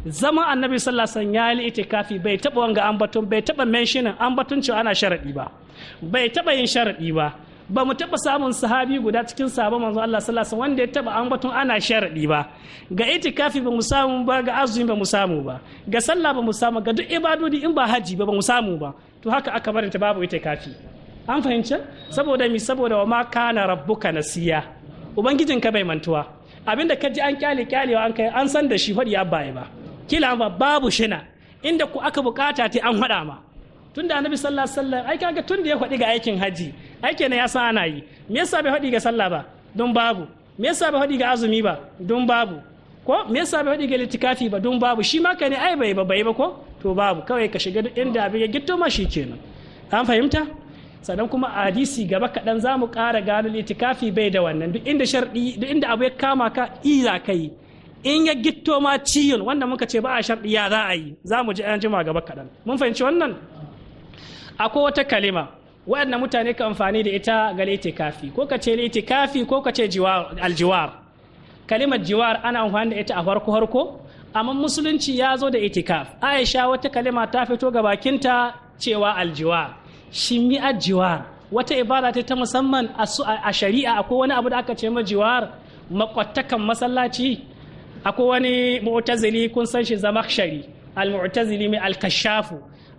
zama annabi sallallahu alaihi wasallam ya yi itikafi bai taɓa wanga batun bai taba mentionin batun cewa ana sharaɗi ba bai taɓa yin sharaɗi ba ba mu taɓa samun sahabi guda cikin sabon manzon Allah sallallahu alaihi wanda ya taɓa batun ana sharadi ba ga itikafi ba mu samu ba ga azumi ba mu samu ba ga sallah ba mu samu ga duk ibadodi in ba haji ba ba mu samu ba to haka aka barinta babu itikafi an fahimci saboda mi saboda wa ma kana rabbuka nasiya ubangijinka bai mantuwa abinda ka ji an kyale kyale an kai an san da shi hadi ya baya ba kila ba babu shina inda ku aka bukata ta an hada ma tunda annabi sallallahu alaihi wasallam ai kaga tunda ya faɗi ga aikin haji ai ne ya san ana yi me yasa bai faɗi ga sallah ba don babu me yasa bai faɗi ga azumi ba don babu ko me yasa bai faɗi ga litikafi ba don babu shi ma kai ne ai bai ba bai ba ko to babu kawai ka shiga duk inda abin ya gitto ma shikenan an fahimta sannan kuma a hadisi gaba kaɗan za mu ƙara gano litikafi bai da wannan duk inda sharɗi duk inda abu ya kama ka iza kai in ya gitto ma ciyon wanda muka ce ba a sharɗi ya za a yi za mu ji an jima gaba kaɗan mun fahimci wannan akwai wata kalima waɗanda mutane ka amfani da ita ga laitikafi ko ka ce litikafi ko ka ce aljiwar kalimar jiwar ana amfani da ita a farko harko amma musulunci ya zo da itikaf aisha wata kalima ta fito ga bakinta cewa aljiwar shi mi aljiwar wata ibada ta musamman a shari'a akwai wani abu da aka ce ma jiwar makwattakan masallaci akwai wani mu'tazili kun san shi zamakshari al-mu'tazili mai al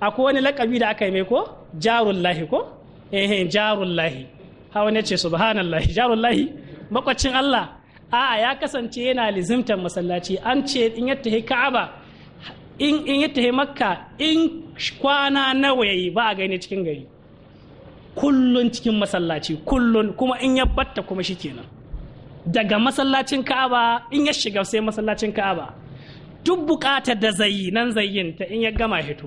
akwai wani lakabi da aka yi mai ko jarullahi ko eh jarullahi ha wani ce subhanallahi jarullahi makwacin Allah a'a ya kasance yana lizimtan masallaci an ce in ya tahi Ka'aba in in ya tahi Makka in kwana nawa yayi ba a gani cikin gari kullun cikin masallaci kullun kuma in ya batta kuma shikenan daga masallacin Ka'aba in ya shiga sai masallacin Ka'aba duk bukatar da zayi nan zayin ta in ya gama hito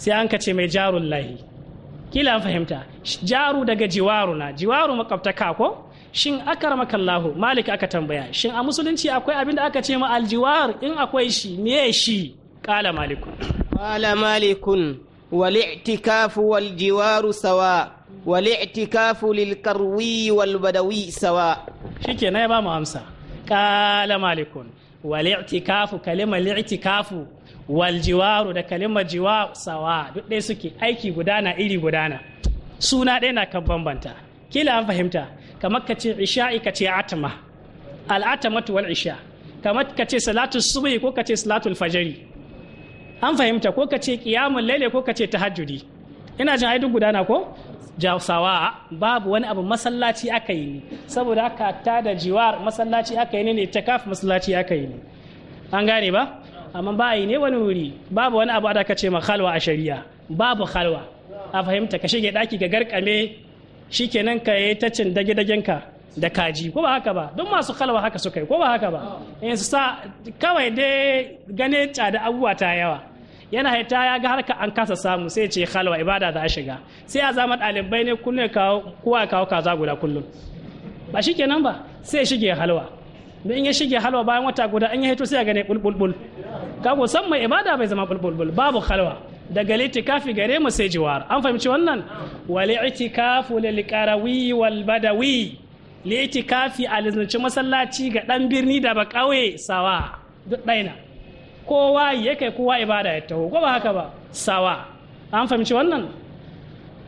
sai an ka ce mai jarun lahi kila an fahimta jaru daga jiwaru na jiwaru makwabtaka ko shin akaramaka Allahu malik aka tambaya shin a musulunci akwai abin da aka ce ma aljiwar in akwai shi me shi kala malikun kala malikun wal i'tikafu wal jiwaru sawa wal i'tikafu lil karwi wal badawi sawa na ya ba mu amsa kala malikun wal i'tikafu kalimar i'tikafu waljiwaru da kalima jiwa sawa duk ɗaya suke aiki gudana iri gudana suna ɗaya na kan bambanta kila an fahimta kamar ka ce isha'i ka ce atama al'atamatu wal isha kamar ka ce salatu subhi ko ka ce salatu fajari an fahimta ko ka ce qiyamul laili ko ka ce tahajjudi ina jin ai duk gudana ko jawsawa babu wani abu masallaci aka yi ne saboda aka ta da jiwar masallaci aka yi ne ne ta kafa masallaci aka yi ne an gane ba amma ba yi ne wani wuri babu wani abu da aka ce ma halwa a shari'a babu khalwa a fahimta ka shige daki ga garkame shikenan ka yi ta cin dage dagen ka da kaji ko ba haka ba don masu khalwa haka suka yi ko ba haka ba in sa kawai dai gane da abubuwa ta yawa yana haita ya ga harka an kasa samu sai ce khalwa ibada za a shiga sai a zama ɗalibai ne kullum kowa kawo kaza guda kullum ba shikenan ba sai shige halwa don in ya shige halwa bayan wata guda an ya hito sai ya gane bulbulbul kago san mai ibada bai zama bulbulbul babu halwa daga litikafi gare mu sai jiwar an fahimci wannan wal itikafu lil qarawi wal badawi litikafi a lizinci masallaci ga dan birni da ba kauye sawa duk daina kowa ya kai kowa ibada ya taho ko ba haka ba sawa an fahimci wannan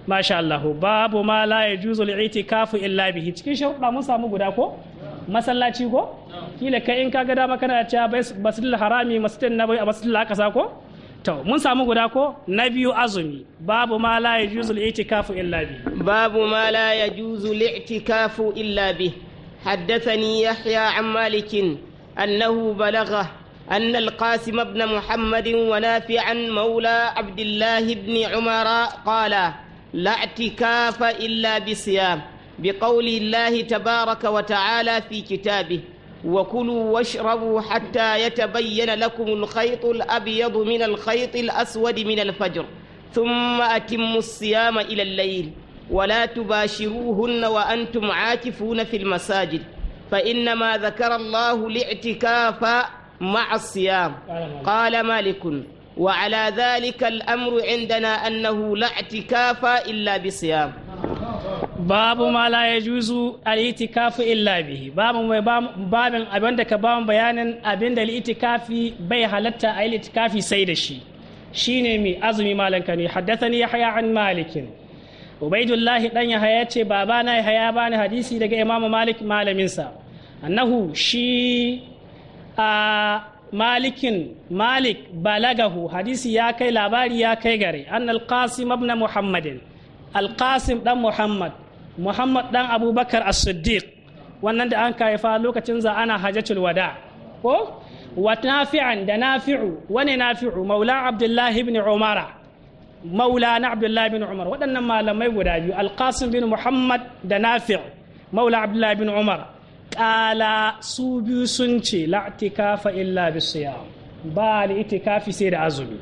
masha Allah babu ma la yajuzu al illa bihi cikin sharuɗa mun samu guda ko masallaci ko kila kai in ka ga dama kana cewa basil harami masjidin nabawi a masjidil aqsa ko to mun samu guda ko na biyu azumi babu ma la yajuzu al-i'tikafu illa bi babu ma la yajuzu al-i'tikafu illa bi حدثني يحيى عن مالك أنه بلغه أن القاسم بن محمد ونافعا مولى عبد الله بن عمر قال لا اعتكاف إلا بصيام بقول الله تبارك وتعالى في كتابه وكلوا واشربوا حتى يتبين لكم الخيط الأبيض من الخيط الأسود من الفجر ثم أتموا الصيام إلى الليل ولا تباشروهن وأنتم عاكفون في المساجد فإنما ذكر الله الاعتكاف مع الصيام قال مالك وعلى ذلك الأمر عندنا أنه لا اعتكاف إلا بصيام babu ma la ya juzu al-itikafu illa bihi babu mai babin abin da ka bamu bayanin abin da al-itikafi bai halatta a itikafi sai da shi shine mai azumi malan haddasa ni yahya an malikin ubaidullah dan haya ce babana yahya bani hadisi daga imam malik malaminsa annahu shi a malikin malik balagahu hadisi ya kai labari ya kai gare an alqasim ibn muhammadin alqasim dan muhammad muhammad dan abubakar as-siddiq wannan da an kaifa lokacin za ana hajjatul wada ko wa da nafi'u wane nafi'u maula abdullahi ibn umara maula na abdullahi ibn umar waɗannan malamai guda biyu alqasim bin muhammad da nafi' maula abdullahi ibn umar kala su biyu sun ce la'tikafa illa bisiyam ba itikafi sai da azumi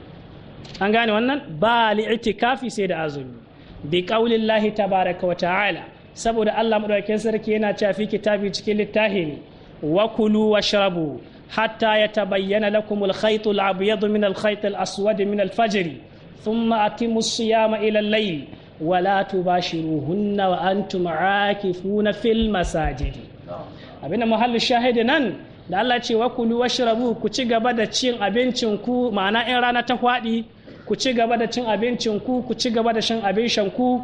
an gane wannan ba itikafi sai da azumi bi qaulillahi tabaraka wa ta'ala saboda Allah madaukakin sarki yana cewa fi kitabi cikin littafi ne wa kulu washrabu hatta yatabayyana lakum al-khayt al-abyad min al-khayt al-aswad min al-fajr thumma atimu as-siyama ila al-layl wa la tubashiruhunna wa antum aakifuna fil masajid abinda muhallu shahidi nan da Allah ce wa kulu washrabu ku ci gaba da cin abincin ku ma'ana in rana ta hwadi ku ci gaba da cin abincin ku ku ci gaba da shan abin shan ku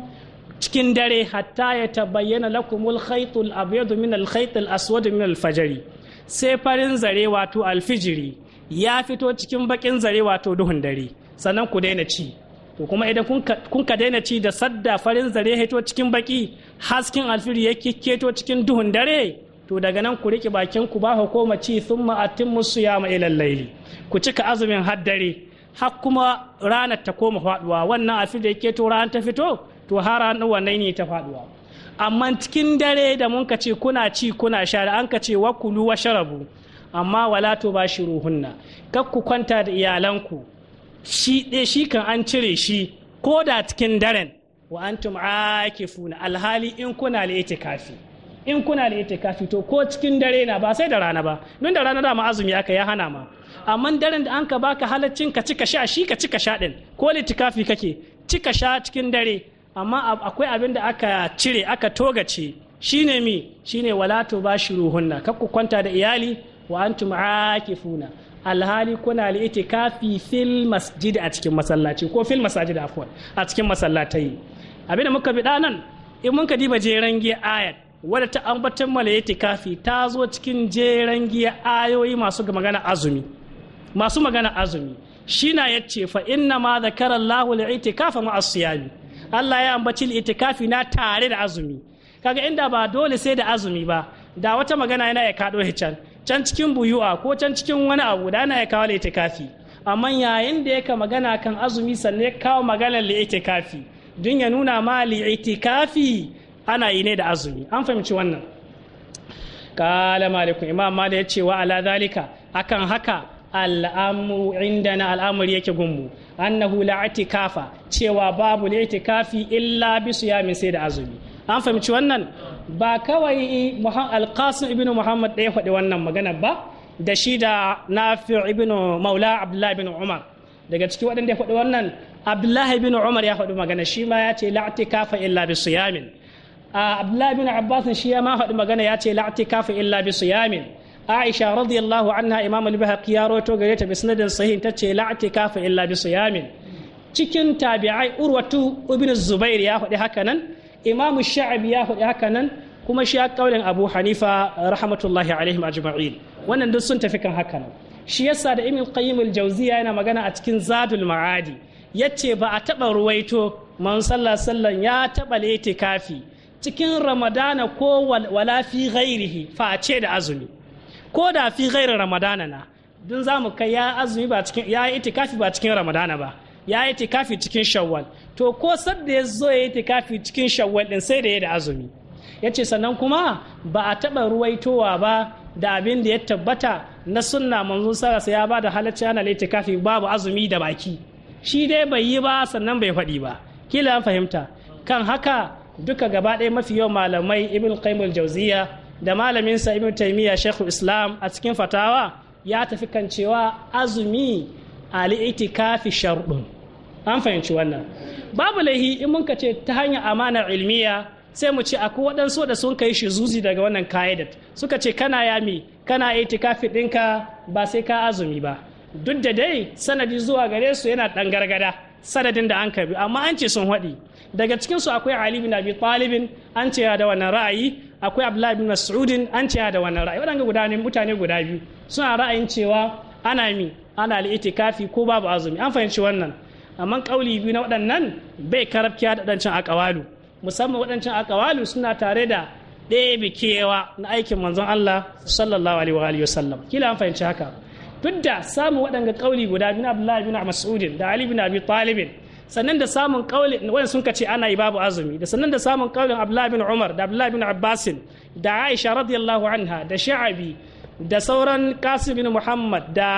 cikin dare hatta ya tabayyana lakumul khaytul abyadu min al khaytil aswad min al fajri sai farin zare wato alfijiri ya fito cikin bakin zare wato duhun dare sannan ku daina ci to kuma idan kun ka daina ci da sadda farin zare ya cikin baki hasken alfijiri ya keto cikin duhun dare to daga nan ku rike bakin ku ba hukuma ci thumma atimmu siyama ila al-layli ku cika azumin har dare har kuma ranar ta koma faduwa wannan a da yake to ranar ta fito to har ranar wannan ne ta faduwa amma cikin dare da mun ka ce kuna ci kuna sha da an ka ce wa wakulu wa sharabu amma wala to ba shi ruhunna kar ku kwanta da iyalanku shi ɗaya shi kan an cire shi ko da cikin daren wa antum akifuna alhali in kuna da itikafi in kuna da itikafi to ko cikin dare na ba sai da rana ba don da rana da ma azumi aka ya hana ma amma daren da an ka baka halaccin ka cika sha shi ka cika sha din ko litikafi kake cika sha cikin dare amma akwai abin da aka cire aka togace shine mi shine wala ruhunna ka ku kwanta da iyali wa antum aakifuna alhali kuna li'itikafi fil masjid a cikin masallaci ko fil masajid afwan a cikin masallatai abin da muka bida nan in mun ka diba jeren giya ayat wadda ta ambatan mala itikafi ta zo cikin jeren giya ayoyi masu magana azumi masu magana azumi shi na ya ce fa inna ma da Allahu al-itikafa ma as Allah ya ambaci itikafi na tare da azumi kaga inda ba dole sai da azumi ba da wata magana yana ya kado ya can can cikin buyu'a ko can cikin wani abu da yana ya kawo itikafi amma yayin da ya ka magana kan azumi sannan ya kawo maganar itikafi don ya nuna ma itikafi ana yi ne da azumi an fahimci wannan kala malikun imam malik ya ce wa ala zalika akan haka al'amru indana al'amari yake gunmu annahu la cewa babu itikafi illa bi siyamin sai da azumi an fahimci wannan ba kawai alqasim ibnu muhammad ɗaya faɗi wannan magana ba da shi da nafi' ibnu maula abdullahi ibn umar daga ciki waɗanda ya faɗi wannan abdullahi ibn umar ya faɗi magana shi ma ya ce la illa bi siyamin abdullahi ibn abbas shi ya ma faɗi magana ya ce la itikafa illa bi siyamin aisha radiyallahu anha imam al-bahaqi ya rawaito gare ta bisnadin sahih tace la atikafa illa bi siyamin cikin tabi'ai urwatu ibn zubair ya faɗi haka nan imam sha'abi ya faɗi haka nan kuma shi kaulin abu hanifa rahmatullahi alaihim ajma'in wannan duk sun tafi kan haka nan shi yasa da ibn qayyim al-jawziya yana magana a cikin zadul ma'adi yace ba a taba ruwaito man sallah ya taba litikafi cikin ramadana ko wala fi ghairihi fa ce da azumi ko da fi ghairin ramadana na dun za mu kai ya azumi ba cikin ya yi itikafi ba cikin ramadana ba ya yi itikafi cikin shawwal to ko sadda ya zo ya yi itikafi cikin shawwal din sai da ya da azumi ya ce sannan kuma ba a taɓa ruwaitowa ba da abin da ya tabbata na sunna manzon sarasa ya ba da halacci ana itikafi babu azumi da baki shi dai bai yi ba sannan bai faɗi ba kila fahimta kan haka duka gaba ɗaya mafi yawan malamai ibn qaymul jauziya da malamin sa ibn taymiya shekhu islam a cikin fatawa ya tafi kan cewa azumi ali itikafi sharɗin an fahimci wannan babu laihi in mun ce ta hanyar amana ilmiya sai mu ce akwai waɗansu da sun kai shi zuzi daga wannan ka'idat suka ce kana yami kana itikafi ɗinka ba sai ka azumi ba duk da dai sanadi zuwa gare su yana ɗan gargada sanadin da an karbi amma an ce sun haɗi daga cikinsu akwai ali bin abi talibin an ce da wannan ra'ayi akwai abdullahi bin mas'udin an ce da wannan ra'ayi waɗanda guda ne mutane guda biyu suna ra'ayin cewa ana mi ana kafi ko babu azumi an fahimci wannan amma kauli biyu na waɗannan bai karafkiya da ɗancin akawalu musamman waɗancan akawalu suna tare da ɗebe kewa na aikin manzon Allah sallallahu alaihi wa sallam kila an fahimci haka duk da samun waɗanga kauli guda biyu na abdullahi bin mas'udin da ali bin abi talibin sannan da samun kaulin wayan sun ce ana yi babu azumi da sannan da samun kaulin abdullahi bin umar da abdullahi bin abbasin da aisha radiyallahu anha da sha'abi da sauran kasim bin muhammad da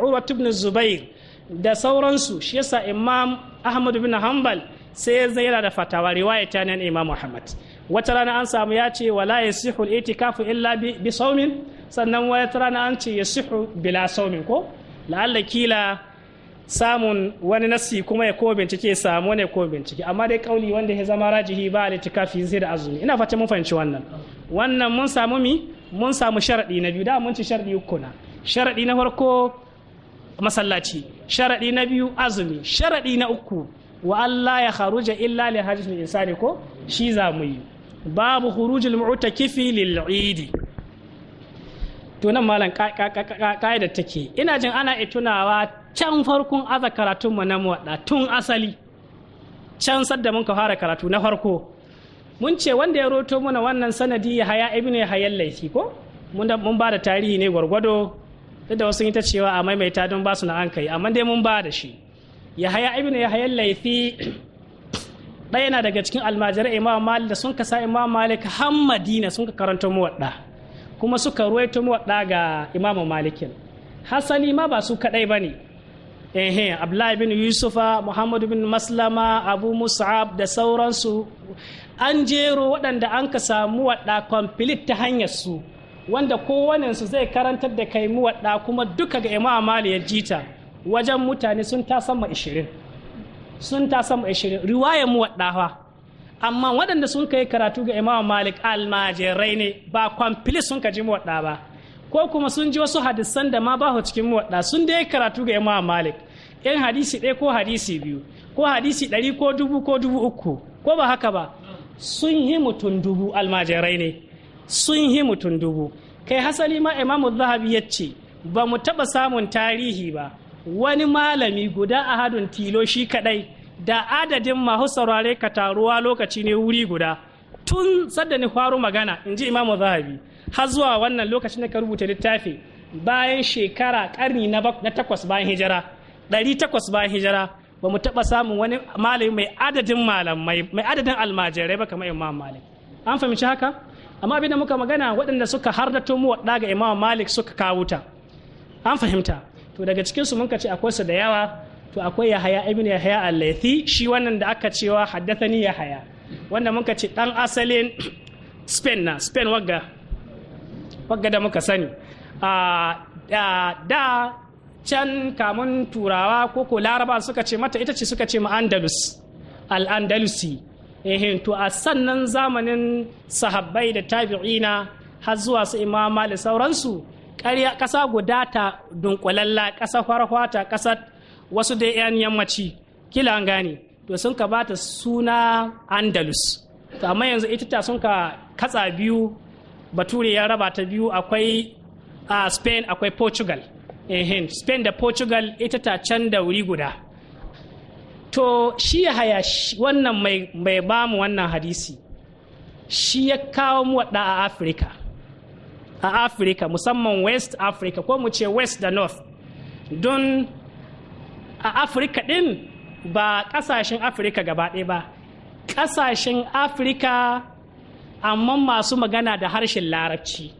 urwat ibn zubair da sauransu shi yasa imam ahmad bin hanbal sai zai yana da fatawa riwaya ta nan imam muhammad wata rana an samu ya ce wala yasihu itikafu illa bi saumin sannan wata rana an ce yasihu bila saumin ko la'alla kila samun wani nasi kuma ya ko bincike samu ne ko bincike amma dai kauli wanda ya zama rajihi ba a fi sai da azumi ina fata mun fahimci wannan wannan mun samu mi mun samu sharadi na biyu da mun ci sharadi uku na sharadi na farko masallaci Sharaɗi na biyu azumi Sharaɗi na uku wa Allah ya kharuja illa li hajjin insani ko shi za mu yi babu khurujul mu'takifi lil eid to nan malam da take ina jin ana itunawa can farkon aza karatunmu na muwaɗa tun asali can sadda mun ka fara karatu na farko mun ce wanda ya roto mana wannan sanadi ya haya ibn hayan laifi ko mun ba da tarihi ne gwargwado duk da wasu yi ta cewa a maimaita don ba su na an kai amma dai mun ba da shi ya haya ibn ya hayan laifi ɗaya na daga cikin almajirai imam malik da sun ka sa imam malik har madina sun ka karanta muwaɗa kuma suka ruwaito muwaɗa ga imam malikin hasali ma ba su kaɗai ba ne ehe abdullahi bin yusufa muhammad bin maslama abu mus'ab da sauransu an jero waɗanda an ka samu waɗa complete ta hanyar su wanda kowanensu zai karantar da kai mu waɗa kuma duka ga imam mali ya jita wajen mutane sun ta sama 20 sun ta sama 20 riwaya mu waɗa amma waɗanda sun kai karatu ga imam malik almajirai ne ba complete sun ka ji mu waɗa ba ko kuma sun ji wasu hadisan da ma ba cikin mu waɗa sun dai karatu ga imam malik Yan hadisi ɗaya ko hadisi biyu ko hadisi ɗari ko dubu ko dubu uku ko ba haka ba sun yi mutum dubu almajirai ne sun yi mutum dubu kai hasali ma imamu zahabi ya ce ba mu taɓa samun tarihi ba wani malami guda a hadun tilo shi kaɗai da adadin masu saurare ka taruwa lokaci ne wuri guda tun sadda ni faru magana in ji imamu zahabi har zuwa wannan lokacin da ka rubuta littafi bayan shekara karni na takwas bayan hijira takwas bayan hijira ba mu taɓa samun wani malami mai adadin malamai mai adadin almajirai ba kamar imam malik an fahimci haka amma abin da muka magana waɗanda suka hardato mu wa ga imam malik suka kawo ta an fahimta to daga cikinsu mun ka ce akwai su da yawa to akwai yahaya ibn yahaya al-laythi shi wannan da aka cewa haddathani yahaya wanda muka ce dan asalin (clears throat) spain na spain wagga wagga da muka sani a ah, ah, da can kamun turawa ko ko laraba suka ce mata ita ce suka ce ma andalus al-andalusi ehin to a sannan zamanin sahabbai da tabi'ina har zuwa su imama da sauransu ƙarya ƙasa guda ta dunkulalla ƙasa farfata ƙasa wasu da 'yan yammaci kila an gane to sun ka bata suna andalus to amma yanzu ita ta sun ka katsa biyu bature ya raba ta biyu akwai a spain akwai portugal ehin spain da portugal ita ta can da wuri guda to shi ya haya wannan mai ba mu wannan hadisi shi ya kawo mu waɗa a afirka a afirka musamman west africa ko mu ce west da north don a afirka ɗin ba ƙasashen afirka gaba ba ƙasashen afirka amma masu magana da harshen larabci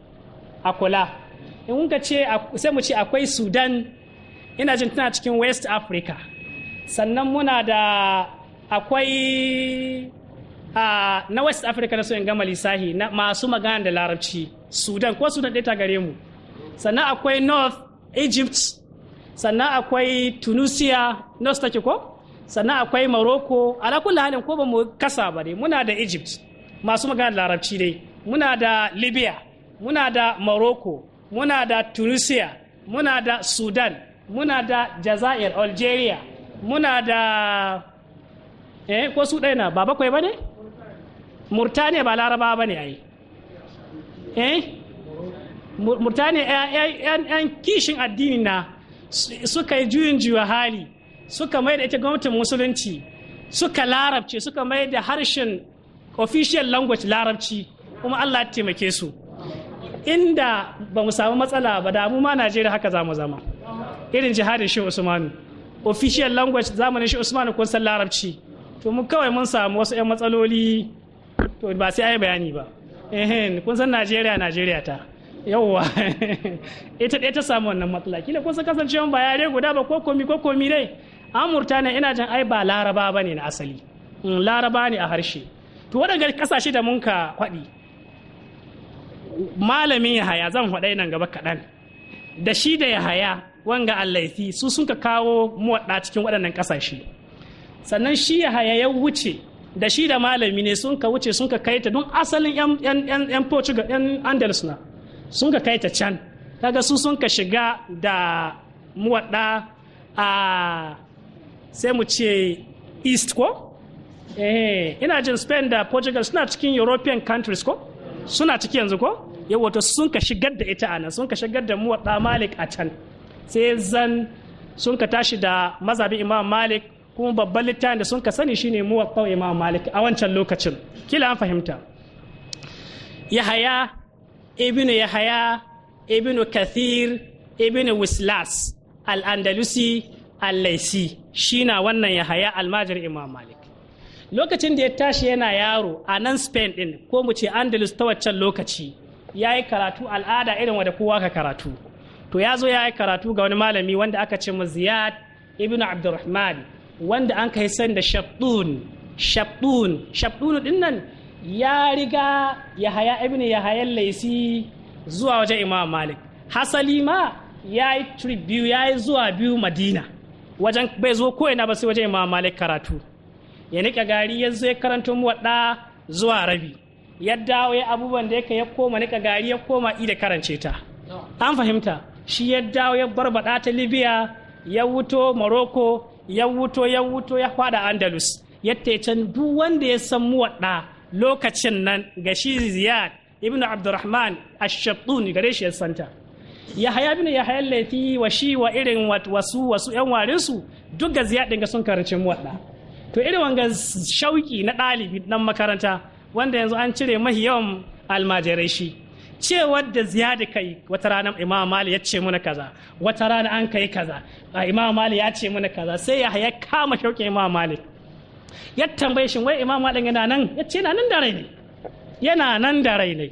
a kula in ka ce sai mu ce akwai sudan ina jin tana cikin west africa sannan muna da akwai a na west africa na so in gama lisahi na masu magana da larabci sudan ko sudan ɗaya ta gare mu sannan akwai north egypt sannan akwai tunisia north take ko sannan akwai morocco ala kulli halin ko ba mu kasa ba dai muna da egypt masu magana da larabci dai muna da libya muna da morocco muna da tunisia muna da sudan muna da jazair algeria muna da eh ko su ɗaya ba bakwai ba ne murtaniya ba laraba ba ne a yi eh murtaniya yan kishin addini na suka yi juyin juwa hali suka mai da ita gwamnatin musulunci suka larabci suka mai da harshen official language larabci kuma allah ya taimake su inda ba mu samu matsala ba da mu ma najeriya haka za mu zama irin jihadin shi usmanu official language zamanin shi usmanu kun san larabci to mu kawai mun samu wasu 'yan matsaloli to ba sai ayi bayani ba ehen kun san najeriya najeriya ta yauwa (laughs) ita ɗaya ta samu wannan matsala kila kun san kasancewan ba yare guda ba ko komi ko komi dai amurta ne ina jin ai ba laraba ba ne na asali hmm, laraba ne a harshe to waɗanda kasashe da mun ka kwaɗi malamin yahaya zan faɗa nan gaba kaɗan da shi da yahaya wanga allaifi su sun ka kawo muwaɗa cikin waɗannan ƙasashe sannan shi yahaya ya wuce da shi da malami ne sun ka wuce sun ka kai ta don asalin yan portugal yan andalus na sun ka kai ta can kaga su sun ka shiga da muwaɗa a sai mu ce east ko eh, ina jin spain da portugal suna cikin european countries ko suna ciki yanzu ko ya to sun ka shigar da ita nan sun ka shigar da mu muwadda malik a can sai zan sun ka tashi da mazabi imam malik kuma babban littafin da sun ka sani shine muwadda imam malik a wancan lokacin kila an fahimta yahaya ibnu yahaya ibnu kathir ibnu wislas al-andalusi al-laisi shi na wannan yahaya almajir imam malik lokacin da ya tashi yana yaro a nan spain din ko mu ce andalus ta waccan lokaci ya yi karatu al'ada irin wadda kowa ka karatu to ya zo ya yi karatu ga wani malami wanda aka ce ziyad ibn abdurrahman wanda an kai san da shabdun shabdun shabdun din nan ya riga ya haya ibn haya laisi zuwa wajen imam malik hasali ma ya yi trip ya yi zuwa biyu madina wajen bai zo ko ina ba sai wajen imam malik karatu ya nika gari ya zai karanto mu waɗa zuwa rabi ya dawo ya abubuwan da yake ya koma nika gari ya koma ida karance ta an fahimta shi ya dawo ya barbada ta libya ya wuto morocco ya wuto ya wuto ya fada andalus ya can duk wanda ya san mu waɗa lokacin nan ga shi ziyad ibn abdurrahman ash gare shi ya santa ya haya bin ya haya laifi wa shi wa irin wasu wasu yan warinsu duk ga ziyad din ga sun karance mu waɗa. to irin wanga shauki na ɗalibi ɗan makaranta wanda yanzu an cire mahi yawan almajirai shi cewar da ziyadi kai wata rana imam mali ya ce mana kaza wata rana an kai kaza imam mali ya ce mana kaza sai ya haya kama shauki imam mali ya tambaye shi wai imam mali yana nan ya ce yana nan da raini ne yana nan da rai ne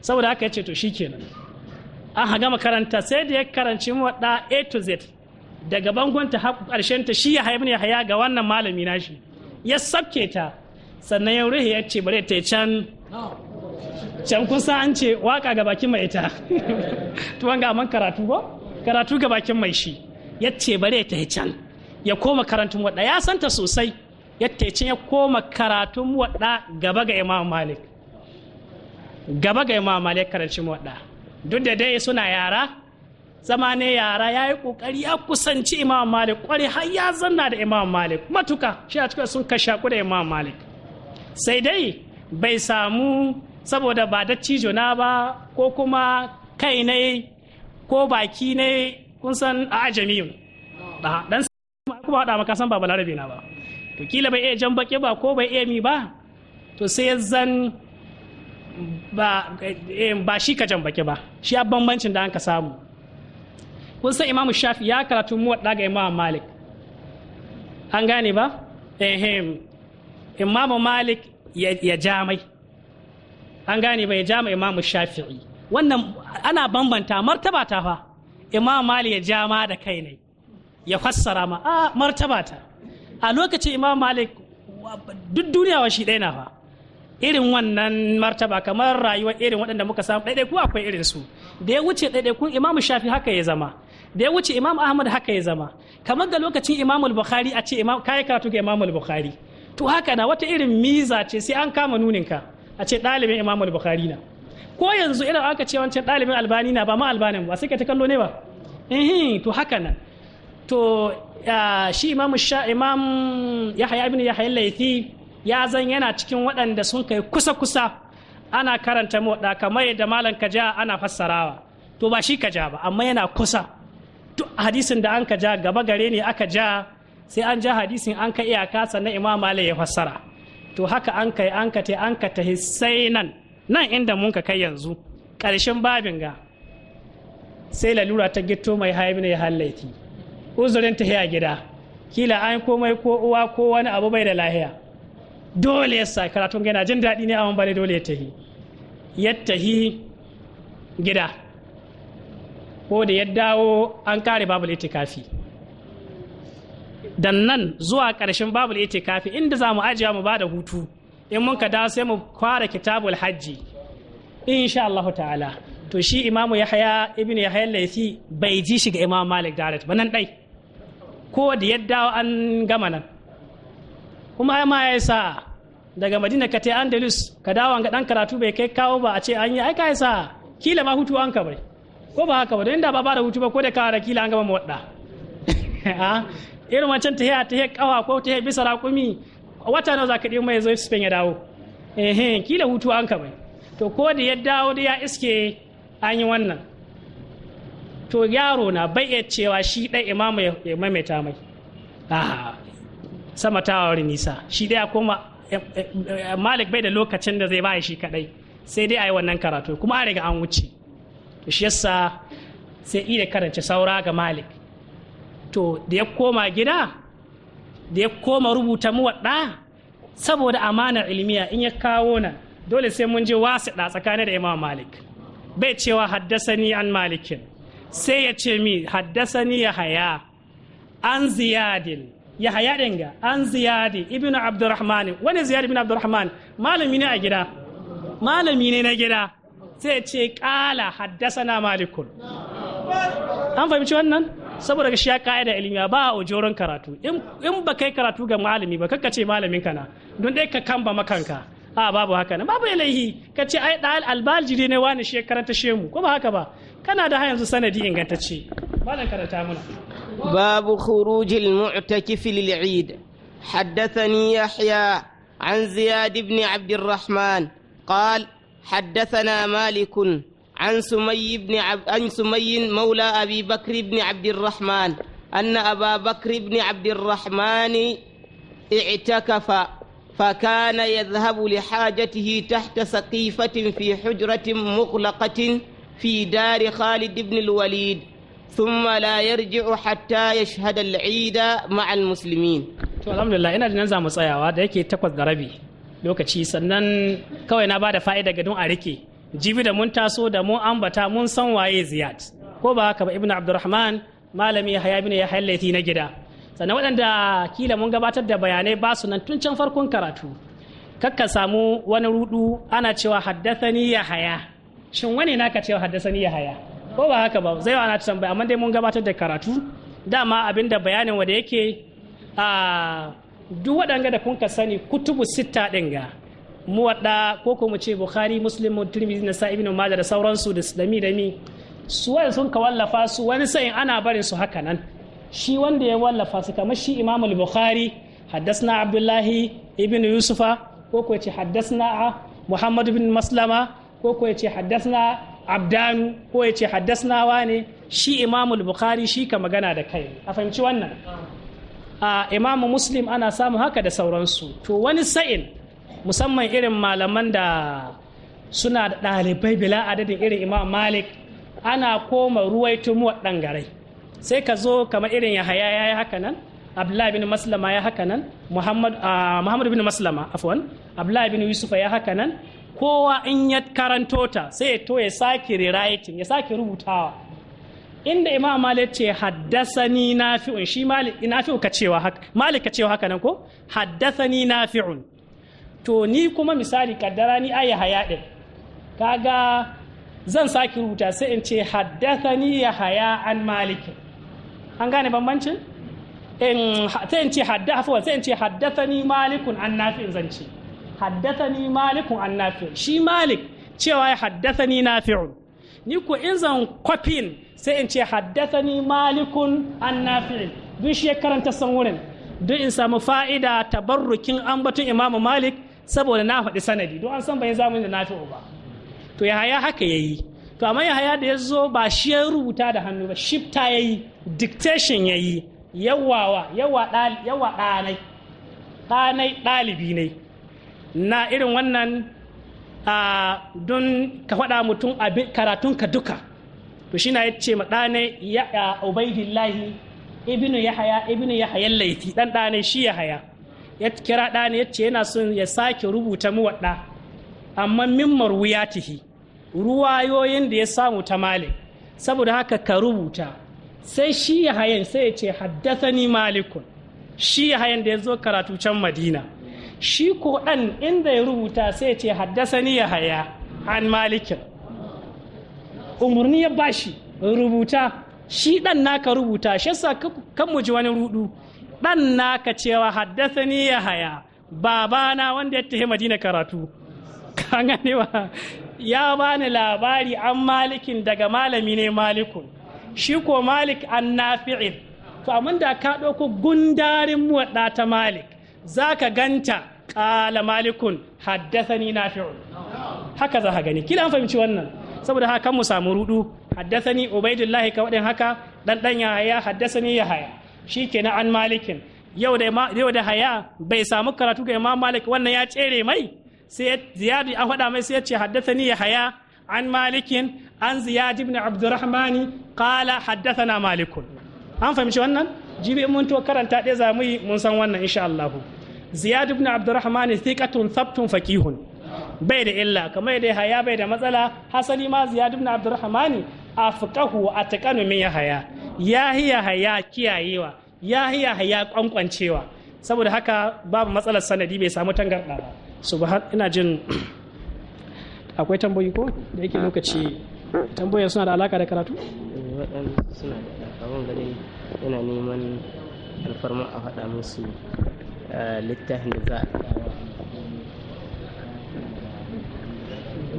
saboda haka ya ce to shikenan an haga makaranta sai da ya karanci mu da a to z daga bangon ta ƙarshen ta shi ya haifi ne haya ga wannan malami nashi ya sabke ta sannan ya ruhe ya ce bare ta can can kusa an ce waka ga bakin mai ita (laughs) tuwan ga man karatu ba karatu ga bakin mai shi ya ce bare ta can ya koma karantun wadda ya santa sosai ya tece ya koma karatun wadda gaba ga imam malik gaba ga imam malik karatun wadda duk da dai suna yara zama ne yara ya yi ƙoƙari ya kusanci imam malik ƙwari har ya zanna da imam malik matuka shi a cikin sun kashe ku da imam malik sai dai bai samu saboda ba da na ba ko kuma kai ne ko baki ne kun san a ajamiyu dan kuma da maka san ba balarabe na ba to kila bai iya jan baki ba ko bai iya mi ba to sai ya zan ba eh, shi ka jan baki ba shi a bambancin da an ka samu kun san imamu shafi ya karatu mu wadda ga imamu malik an gane ba ehem imamu malik ya jamai an gane ba ya jama imamu shafi'i wannan ana bambanta martaba ta fa imamu malik ya jama da kai ne ya fassara ma a martaba ta a lokacin imamu malik duk duniya wa shi ɗaya na fa irin wannan martaba kamar rayuwar irin waɗanda muka samu ɗaiɗaiku akwai irin su da ya wuce ɗaiɗaikun imamu shafi haka ya zama da ya wuce imam ahmad haka ya zama kamar da lokacin imam al-bukhari a ce imam karatu ga imam al-bukhari to haka na wata irin miza ce sai an kama nuninka a ce ɗalibin imam al-bukhari na ko yanzu irin aka ce wancan ɗalibin albani na ba ma albanin ba sai ka ta kallo ne ba to haka nan to shi imam sha imam yahya ibn yahya laifi ya zan yana cikin waɗanda sun kai kusa kusa ana karanta mu da kamar yadda malam kaja ana fassarawa to ba shi kaja ba amma yana kusa duk hadisin da an ka ja gaba gare ne aka ja sai an ja hadisin an ka iyaka sannan imam malik ya fassara to haka an kai an ka an ka tahi sai nan nan inda mun ka kai yanzu karshen babin ga sai lalura ta gito mai haibi ne ya hallaiti uzurin ta a gida kila an komai ko uwa ko wani abu bai da lahiya dole ya sa karatun gina jin daɗi ne wani bane dole ya tahi ya tahi gida ko da ya dawo an kare babul itikafi dan nan zuwa karshen babul itikafi inda za mu ajiya mu ba da hutu in mun ka dawo sai mu fara kitabul hajji insha Allah ta'ala to shi imamu yahya ibnu yahya laifi bai ji shi ga imam malik darat ba dai ko da ya dawo an gama nan kuma ma yasa daga madina ka ta andalus ka dawo ga dan karatu bai kai kawo ba a ce an yi ai ya sa kila ma hutu an ka bai ko ba haka ba don da ba ba da hutu ba ko da kawara kila an gaba mu wadda irin wancan ta hiyar ta hiyar kawa ko ta yi bisa raƙumi wata nawa za ka ɗin mai zai spain ya dawo ehe kila hutu an kamai to ko da ya dawo da ya iske an yi wannan to yaro na bai cewa shi ɗan imamu ya maimaita mai sama ta wari nisa shi ɗaya koma eh, eh, eh, malik bai da lokacin da zai ba shi kadai sai dai a yi wannan karatu kuma a riga an wuce shi yasa sai iya karanta saura ga malik to da ya koma gida da ya koma rubuta mu waɗa saboda amanar ilmiya in ya kawo nan dole sai mun je da tsakanin da imam malik bai cewa haddasani an malikin sai ya ce mi haddasani ya haya an ziyadin ya haya ga an ziyadi ibnu abdurrahman wani ziyadi ibnu abdurrahman malami ne a gida malami ne na gida sai ce kala haddasana malikun an fahimci wannan saboda shi ya ka'ida ilmiya ba a ojoron karatu in ba kai karatu ga malami ba kakka ce malamin kana don dai ka kamba makanka a babu haka nan babu ilaihi ka ce ai dal albaljiri ne wani shi karanta shemu ko ba haka ba kana da yanzu sanadi ingantacce malam karanta mana. babu khurujil mu'takifi lil eid حدثني يحيى عن زياد بن عبد الرحمن قال حدثنا مالك عن سمي بن عب... عن سمي مولى أبي بكر بن عبد الرحمن أن أبا بكر بن عبد الرحمن اعتكف فكان يذهب لحاجته تحت سقيفة في حجرة مغلقة في دار خالد بن الوليد ثم لا يرجع حتى يشهد العيد مع المسلمين. الحمد لله إن جنازة مصيعة وهذا يكي تقوى lokaci sannan kawai na ba da fa'ida ga don a rike jibi da mun taso da mun ambata mun san waye ziyad ko ba haka ba ibnu abdurrahman malami ya hayabi ne ya hallaiti na gida sannan waɗanda kila mun gabatar da bayanai ba su nan tun can farkon karatu kakka samu wani rudu ana cewa haddathani ya haya shin wani naka cewa haddathani ya haya ko ba haka ba zai ana tambaya amma dai mun gabatar da karatu dama abinda bayanin wanda yake a ah, duk waɗanga da kunka sani kutubu sita ɗin ga waɗa ko ko mu ce bukhari muslim turmizi na sa'ibi na da sauransu da dami dami su wani sun ka wallafa su wani sa'in ana barin su haka nan shi wanda ya wallafa su kamar shi Imamul bukhari haddasna abdullahi ibn yusufa ko ko ce haddasna muhammad ibn maslama ko ko ce haddasna abdanu ko ya ce haddasna ne shi Imamul bukhari shi ka magana da kai a fahimci wannan a imamu muslim ana samu haka da sauransu to wani sa'in musamman irin malaman da suna da ɗalibai bila adadin irin imam malik ana koma wa ɗan garai sai ka zo kamar irin yahaya ya yi haka nan abdullahi bin maslama ya haka nan Muhammadu bin maslama afwan abdullahi bin yusufa ya haka nan kowa in ya karanto ta sai ya to ya sake rewriting ya sake rubutawa inda imam malik ce haddasani nafi'un shi malik nafi'u ka cewa haka malik ka cewa haka nan ko haddasani nafi'un to ni kuma misali kaddara ni ayi haya din kaga zan saki rubuta sai in ce haddasani ya haya an malik an gane bambancin in sai in ce hadda wa sai in ce haddasani malikun an nafi'un zan ce haddasani malikun an nafi'un shi malik cewa ya haddasani nafi'un ni ko in zan kwafin sai in ce haddathani malikun an nafi'in duk shi ya karanta san wurin duk in samu fa'ida tabarrukin batun imamu malik saboda na faɗi sanadi don an san bai zamani da nafi'u ba to ya haya haka ya yi to amma haya da ya zo ba shi ya rubuta da hannu ba shifta yayi dictation yi yawawa ya yawa ɗanai ɗanai ɗalibi ne na irin wannan don ka faɗa mutum karatun ka duka to shi na ya ce ma ɗane ya ubaidillahi ibnu yahaya ibnu hayan laifi Ɗan ɗane shi ya haya. ya kira ɗane ya ce yana son ya sake rubuta mu waɗa amma min tihi. ruwayoyin da ya samu ta malik saboda haka ka rubuta sai shi ya yahayan sai ya ce haddasani malikun shi ya yahayan da ya zo karatu can madina shi ko ɗan inda ya rubuta sai ya ce ya haya an malikin umarni ya bashi rubuta shi dan naka rubuta shi yasa kan ji wani rudu dan naka cewa ni ya haya babana wanda ya tafi madina karatu (laughs) kan ya bani labari an malikin daga malami ne malikun shi ko malik an nafi'in to amma da ka ɗauko gundarin muwaɗa ta malik za ka ganta ƙala malikun ni nafi'un haka za ka gani kila an fahimci wannan saboda haka kan mu samu rudu haddathani ubaidullah ka wadin haka dan dan yahaya haddathani yahaya shikenan an malikin yau da yau da haya bai samu karatu ga imam malik wannan ya tsere mai sai ziyadi an faɗa mai sai ya ce haddathani yahaya an malikin an ziyad ibn abdurrahman qala haddathana malikun an fahimci wannan jibi mun to karanta ɗaya za mu yi mun san wannan insha Allah ziyad ibn abdurrahman thiqatun thabtun faqihun bai da illa kamar da haya bai da matsala hasali ma ziyad ibn abdurrahman a a min haya ya hiya haya kiyayewa ya hiya haya kwankwancewa saboda haka babu matsalar sanadi bai samu tangarda ba subhan ina jin (clears throat) akwai tamboyi ko da yake lokaci tamboyin suna da alaka da karatu suna da abin yana neman alfarma a faɗa musu eh, littafin da za karanta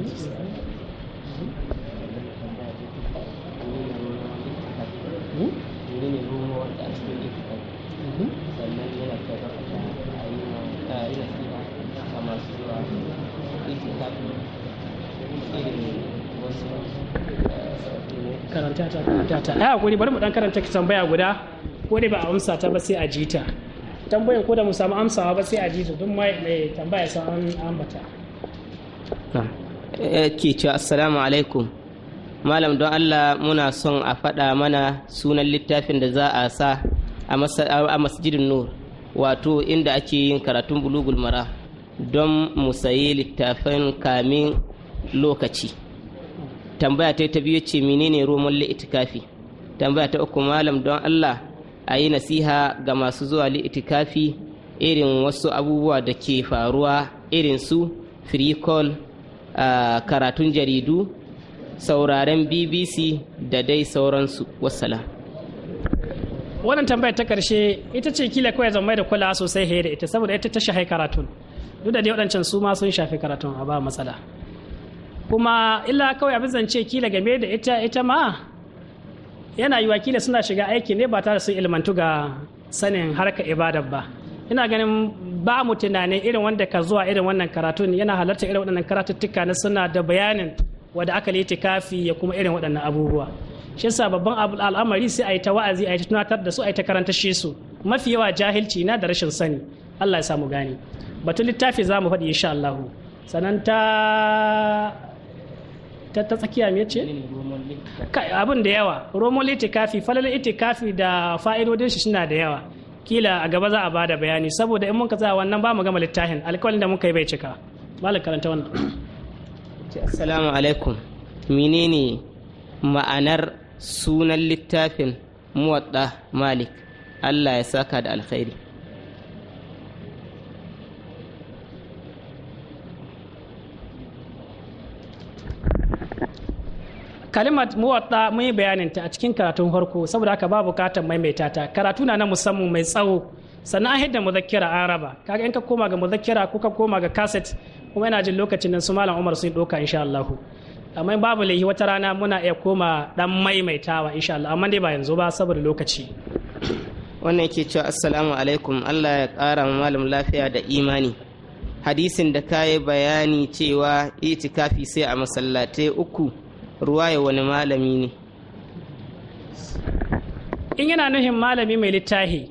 ta bari mu dan karanta ki tambaya guda ko dai ba a amsa ta ba sai a jita tambayan ko da mu samu amsawa ba sai a jita duk mai tambaya san an ambata ke cewa assalamu alaikum malam don allah muna son a faɗa mana sunan littafin da za a sa a masjidin nur wato inda ake yin karatun bulugul mara don mu sayi littafin kamin lokaci tambaya ta ta biyu ce menene roman li'itikafi tambaya ta uku malam don allah a yi nasiha ga masu zuwa li'itikafi irin wasu abubuwa da ke faruwa irin su free call A karatun jaridu sauraren bbc da dai sauransu wasala. wannan tambayar ta karshe ita ce kila kawai zama da kula sosai haye da ita saboda ita ta shahai karatun duk da dai waɗancan su ma sun shafi karatun a ba matsala kuma illa kawai abin zance kila game da ita ita ma yana yiwa kila suna shiga aiki ne ba tare da sun ilmantu ga sanin harka ibadar ba ina ganin ba mu tunanin irin wanda ka zuwa irin wannan karatu ne yana halarta irin waɗannan karatuttuka na suna da bayanin wada aka yi kafi ya kuma irin waɗannan abubuwa shi yasa babban al'amari sai a yi ta wa'azi a yi ta tunatar da su a yi ta karanta shi su mafi yawa jahilci na da rashin sani Allah ya samu gane batun littafi za mu faɗi insha Allah sannan ta ta ta tsakiya me ce abin da yawa romon itikafi falalin itikafi da fa'idodin shi suna da yawa kila a gaba za a bada bayani saboda in muka tsaya wannan ba mu gama littafin alkawalin da muka yi bai cika malam karanta wannan assalamu alaikum menene ma'anar sunan littafin muwadda malik Allah ya saka da alkhairi kalimat muwatta mun yi bayaninta a cikin karatun farko saboda haka ba bukatar maimaita ta karatu na na musamman mai tsawo sannan an da muzakkira an raba kaga in ka koma ga muzakkira ko ka koma ga kaset kuma yana jin lokacin nan su malam Umar sun doka insha Allah amma babu laihi wata rana muna iya koma dan maimaitawa insha Allah amma dai ba yanzu ba saboda lokaci wannan yake cewa assalamu alaikum Allah ya kara ma malam lafiya da imani hadisin da kayi bayani cewa itikafi sai a masallatai uku ruwaya wani malami ne in yana nuhin malami mai littafi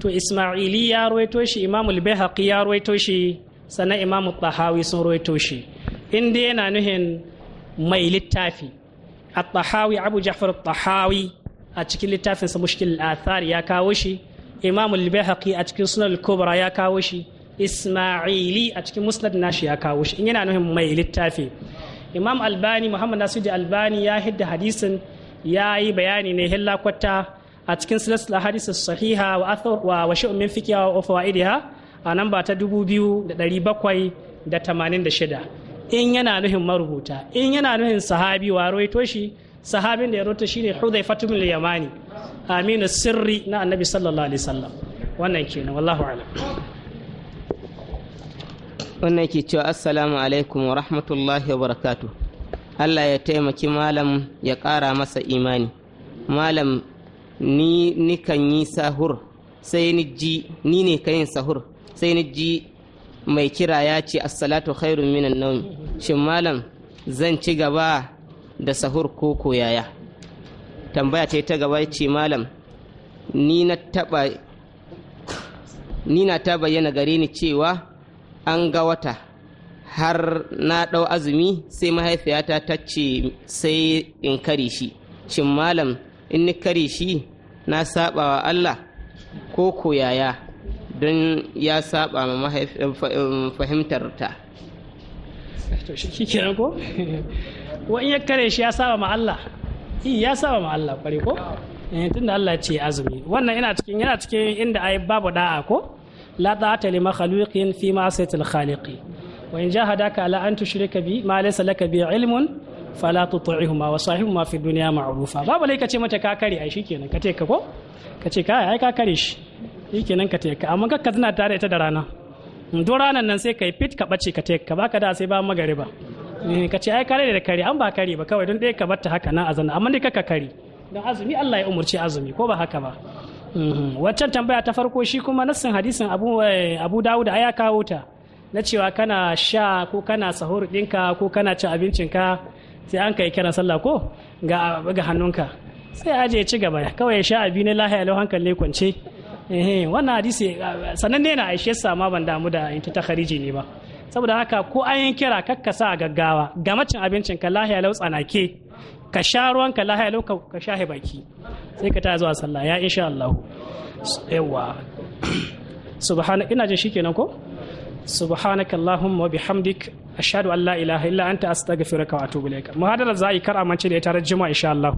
to ismaili ya ruwaito shi imamul bayhaqi ya ruwaito shi sannan imamu tahawi sun ruwaito shi in dai yana nuhin mai littafi a tahawi abu ja'far tahawi a cikin littafinsa mushkil athar ya kawo shi imamul bayhaqi a cikin sunan kubra ya kawo shi ismaili a cikin musnad nashi ya kawo shi in yana nuhin mai littafi imam albani muhammad Nasir albani ya hidda hadisin ya yi bayani ne hilla kwata a cikin silsilar hadisi sahiha wa athar wa wa shi'un min fiqhi wa fawaidiha a nan ba ta 2786 in yana nuhin marubuta in yana nuhin sahabi wa rawaito shi sahabin da ya rawaito shine Hudhaifatu bin Yamani aminu sirri na annabi sallallahu alaihi wasallam wannan kenan wallahu a'lam wannan ke cewa assalamu alaikum wa rahmatullahi wa barakatu Allah ya taimaki malam ya ƙara masa imani malam ni kan yi sahur sai ni ji ni ne kan yin sahur sai ni ji mai kira ya ce assalatu khairun minan naumi shin malam zan ci gaba da sahur ko koyaya tambaya ce ta gaba ce malam ni na taba ni na ta bayyana gare ni cewa an ga wata har na ɗau azumi sai mahaifiyata ta ce sai in kare shi shin malam in ni kare shi na saba wa Allah ko ko yaya don ya saba ma eh, eh, fahimtarta ta? shi ko (laughs) wa in ya kare shi ya saba ma Allah ya saba ma Allah kware ko eh, tunda Allah ce azumi wannan yana cikin yana cikin inda ai babu da'a ko لا طاعة لمخلوق في معصية الخالق وإن جاهداك على أن تشرك بي ما ليس لك به علم فلا تطعهما وصاحبهما في الدنيا معروفا ka kare ko kace ka ai ka shi shikenan kace ka amma kakka tare ita da rana duk ranan nan sai kai fit ka bace ka ka baka da sai ba magariba kace ai kare da kare an ba kare ba kawai don dai ka batta haka nan amma don azumi Allah ya umurci azumi ko ba haka ba Mhm. waccan tambaya ta farko shi kuma nassin hadisin abu eh, abu dawud ya kawo ta na cewa kana sha ko kana sahur ɗinka ko kana cin abincinka sai an kai kiran sallah ko ga hannunka sai aje ci gaba kawai ya sha abi ne lahiya lau hankali ne kwance wannan hadisi sananne na aishe sama ban damu da in ta khariji ne ba saboda haka ko an yi kira kakkasa a gaggawa ga macin abincin ka lahiya lau tsanake ka sha ruwanka lahiya lau ka sha baki sai ka ta zuwa sallah ya insha Allah yawa (clears throat) subhana ina jin shikenan ko subhanaka allahumma wa bihamdik ashhadu an la ilaha illa anta astaghfiruka wa atubu ilaik muhadara zai kar amince da ita ran juma'a insha Allah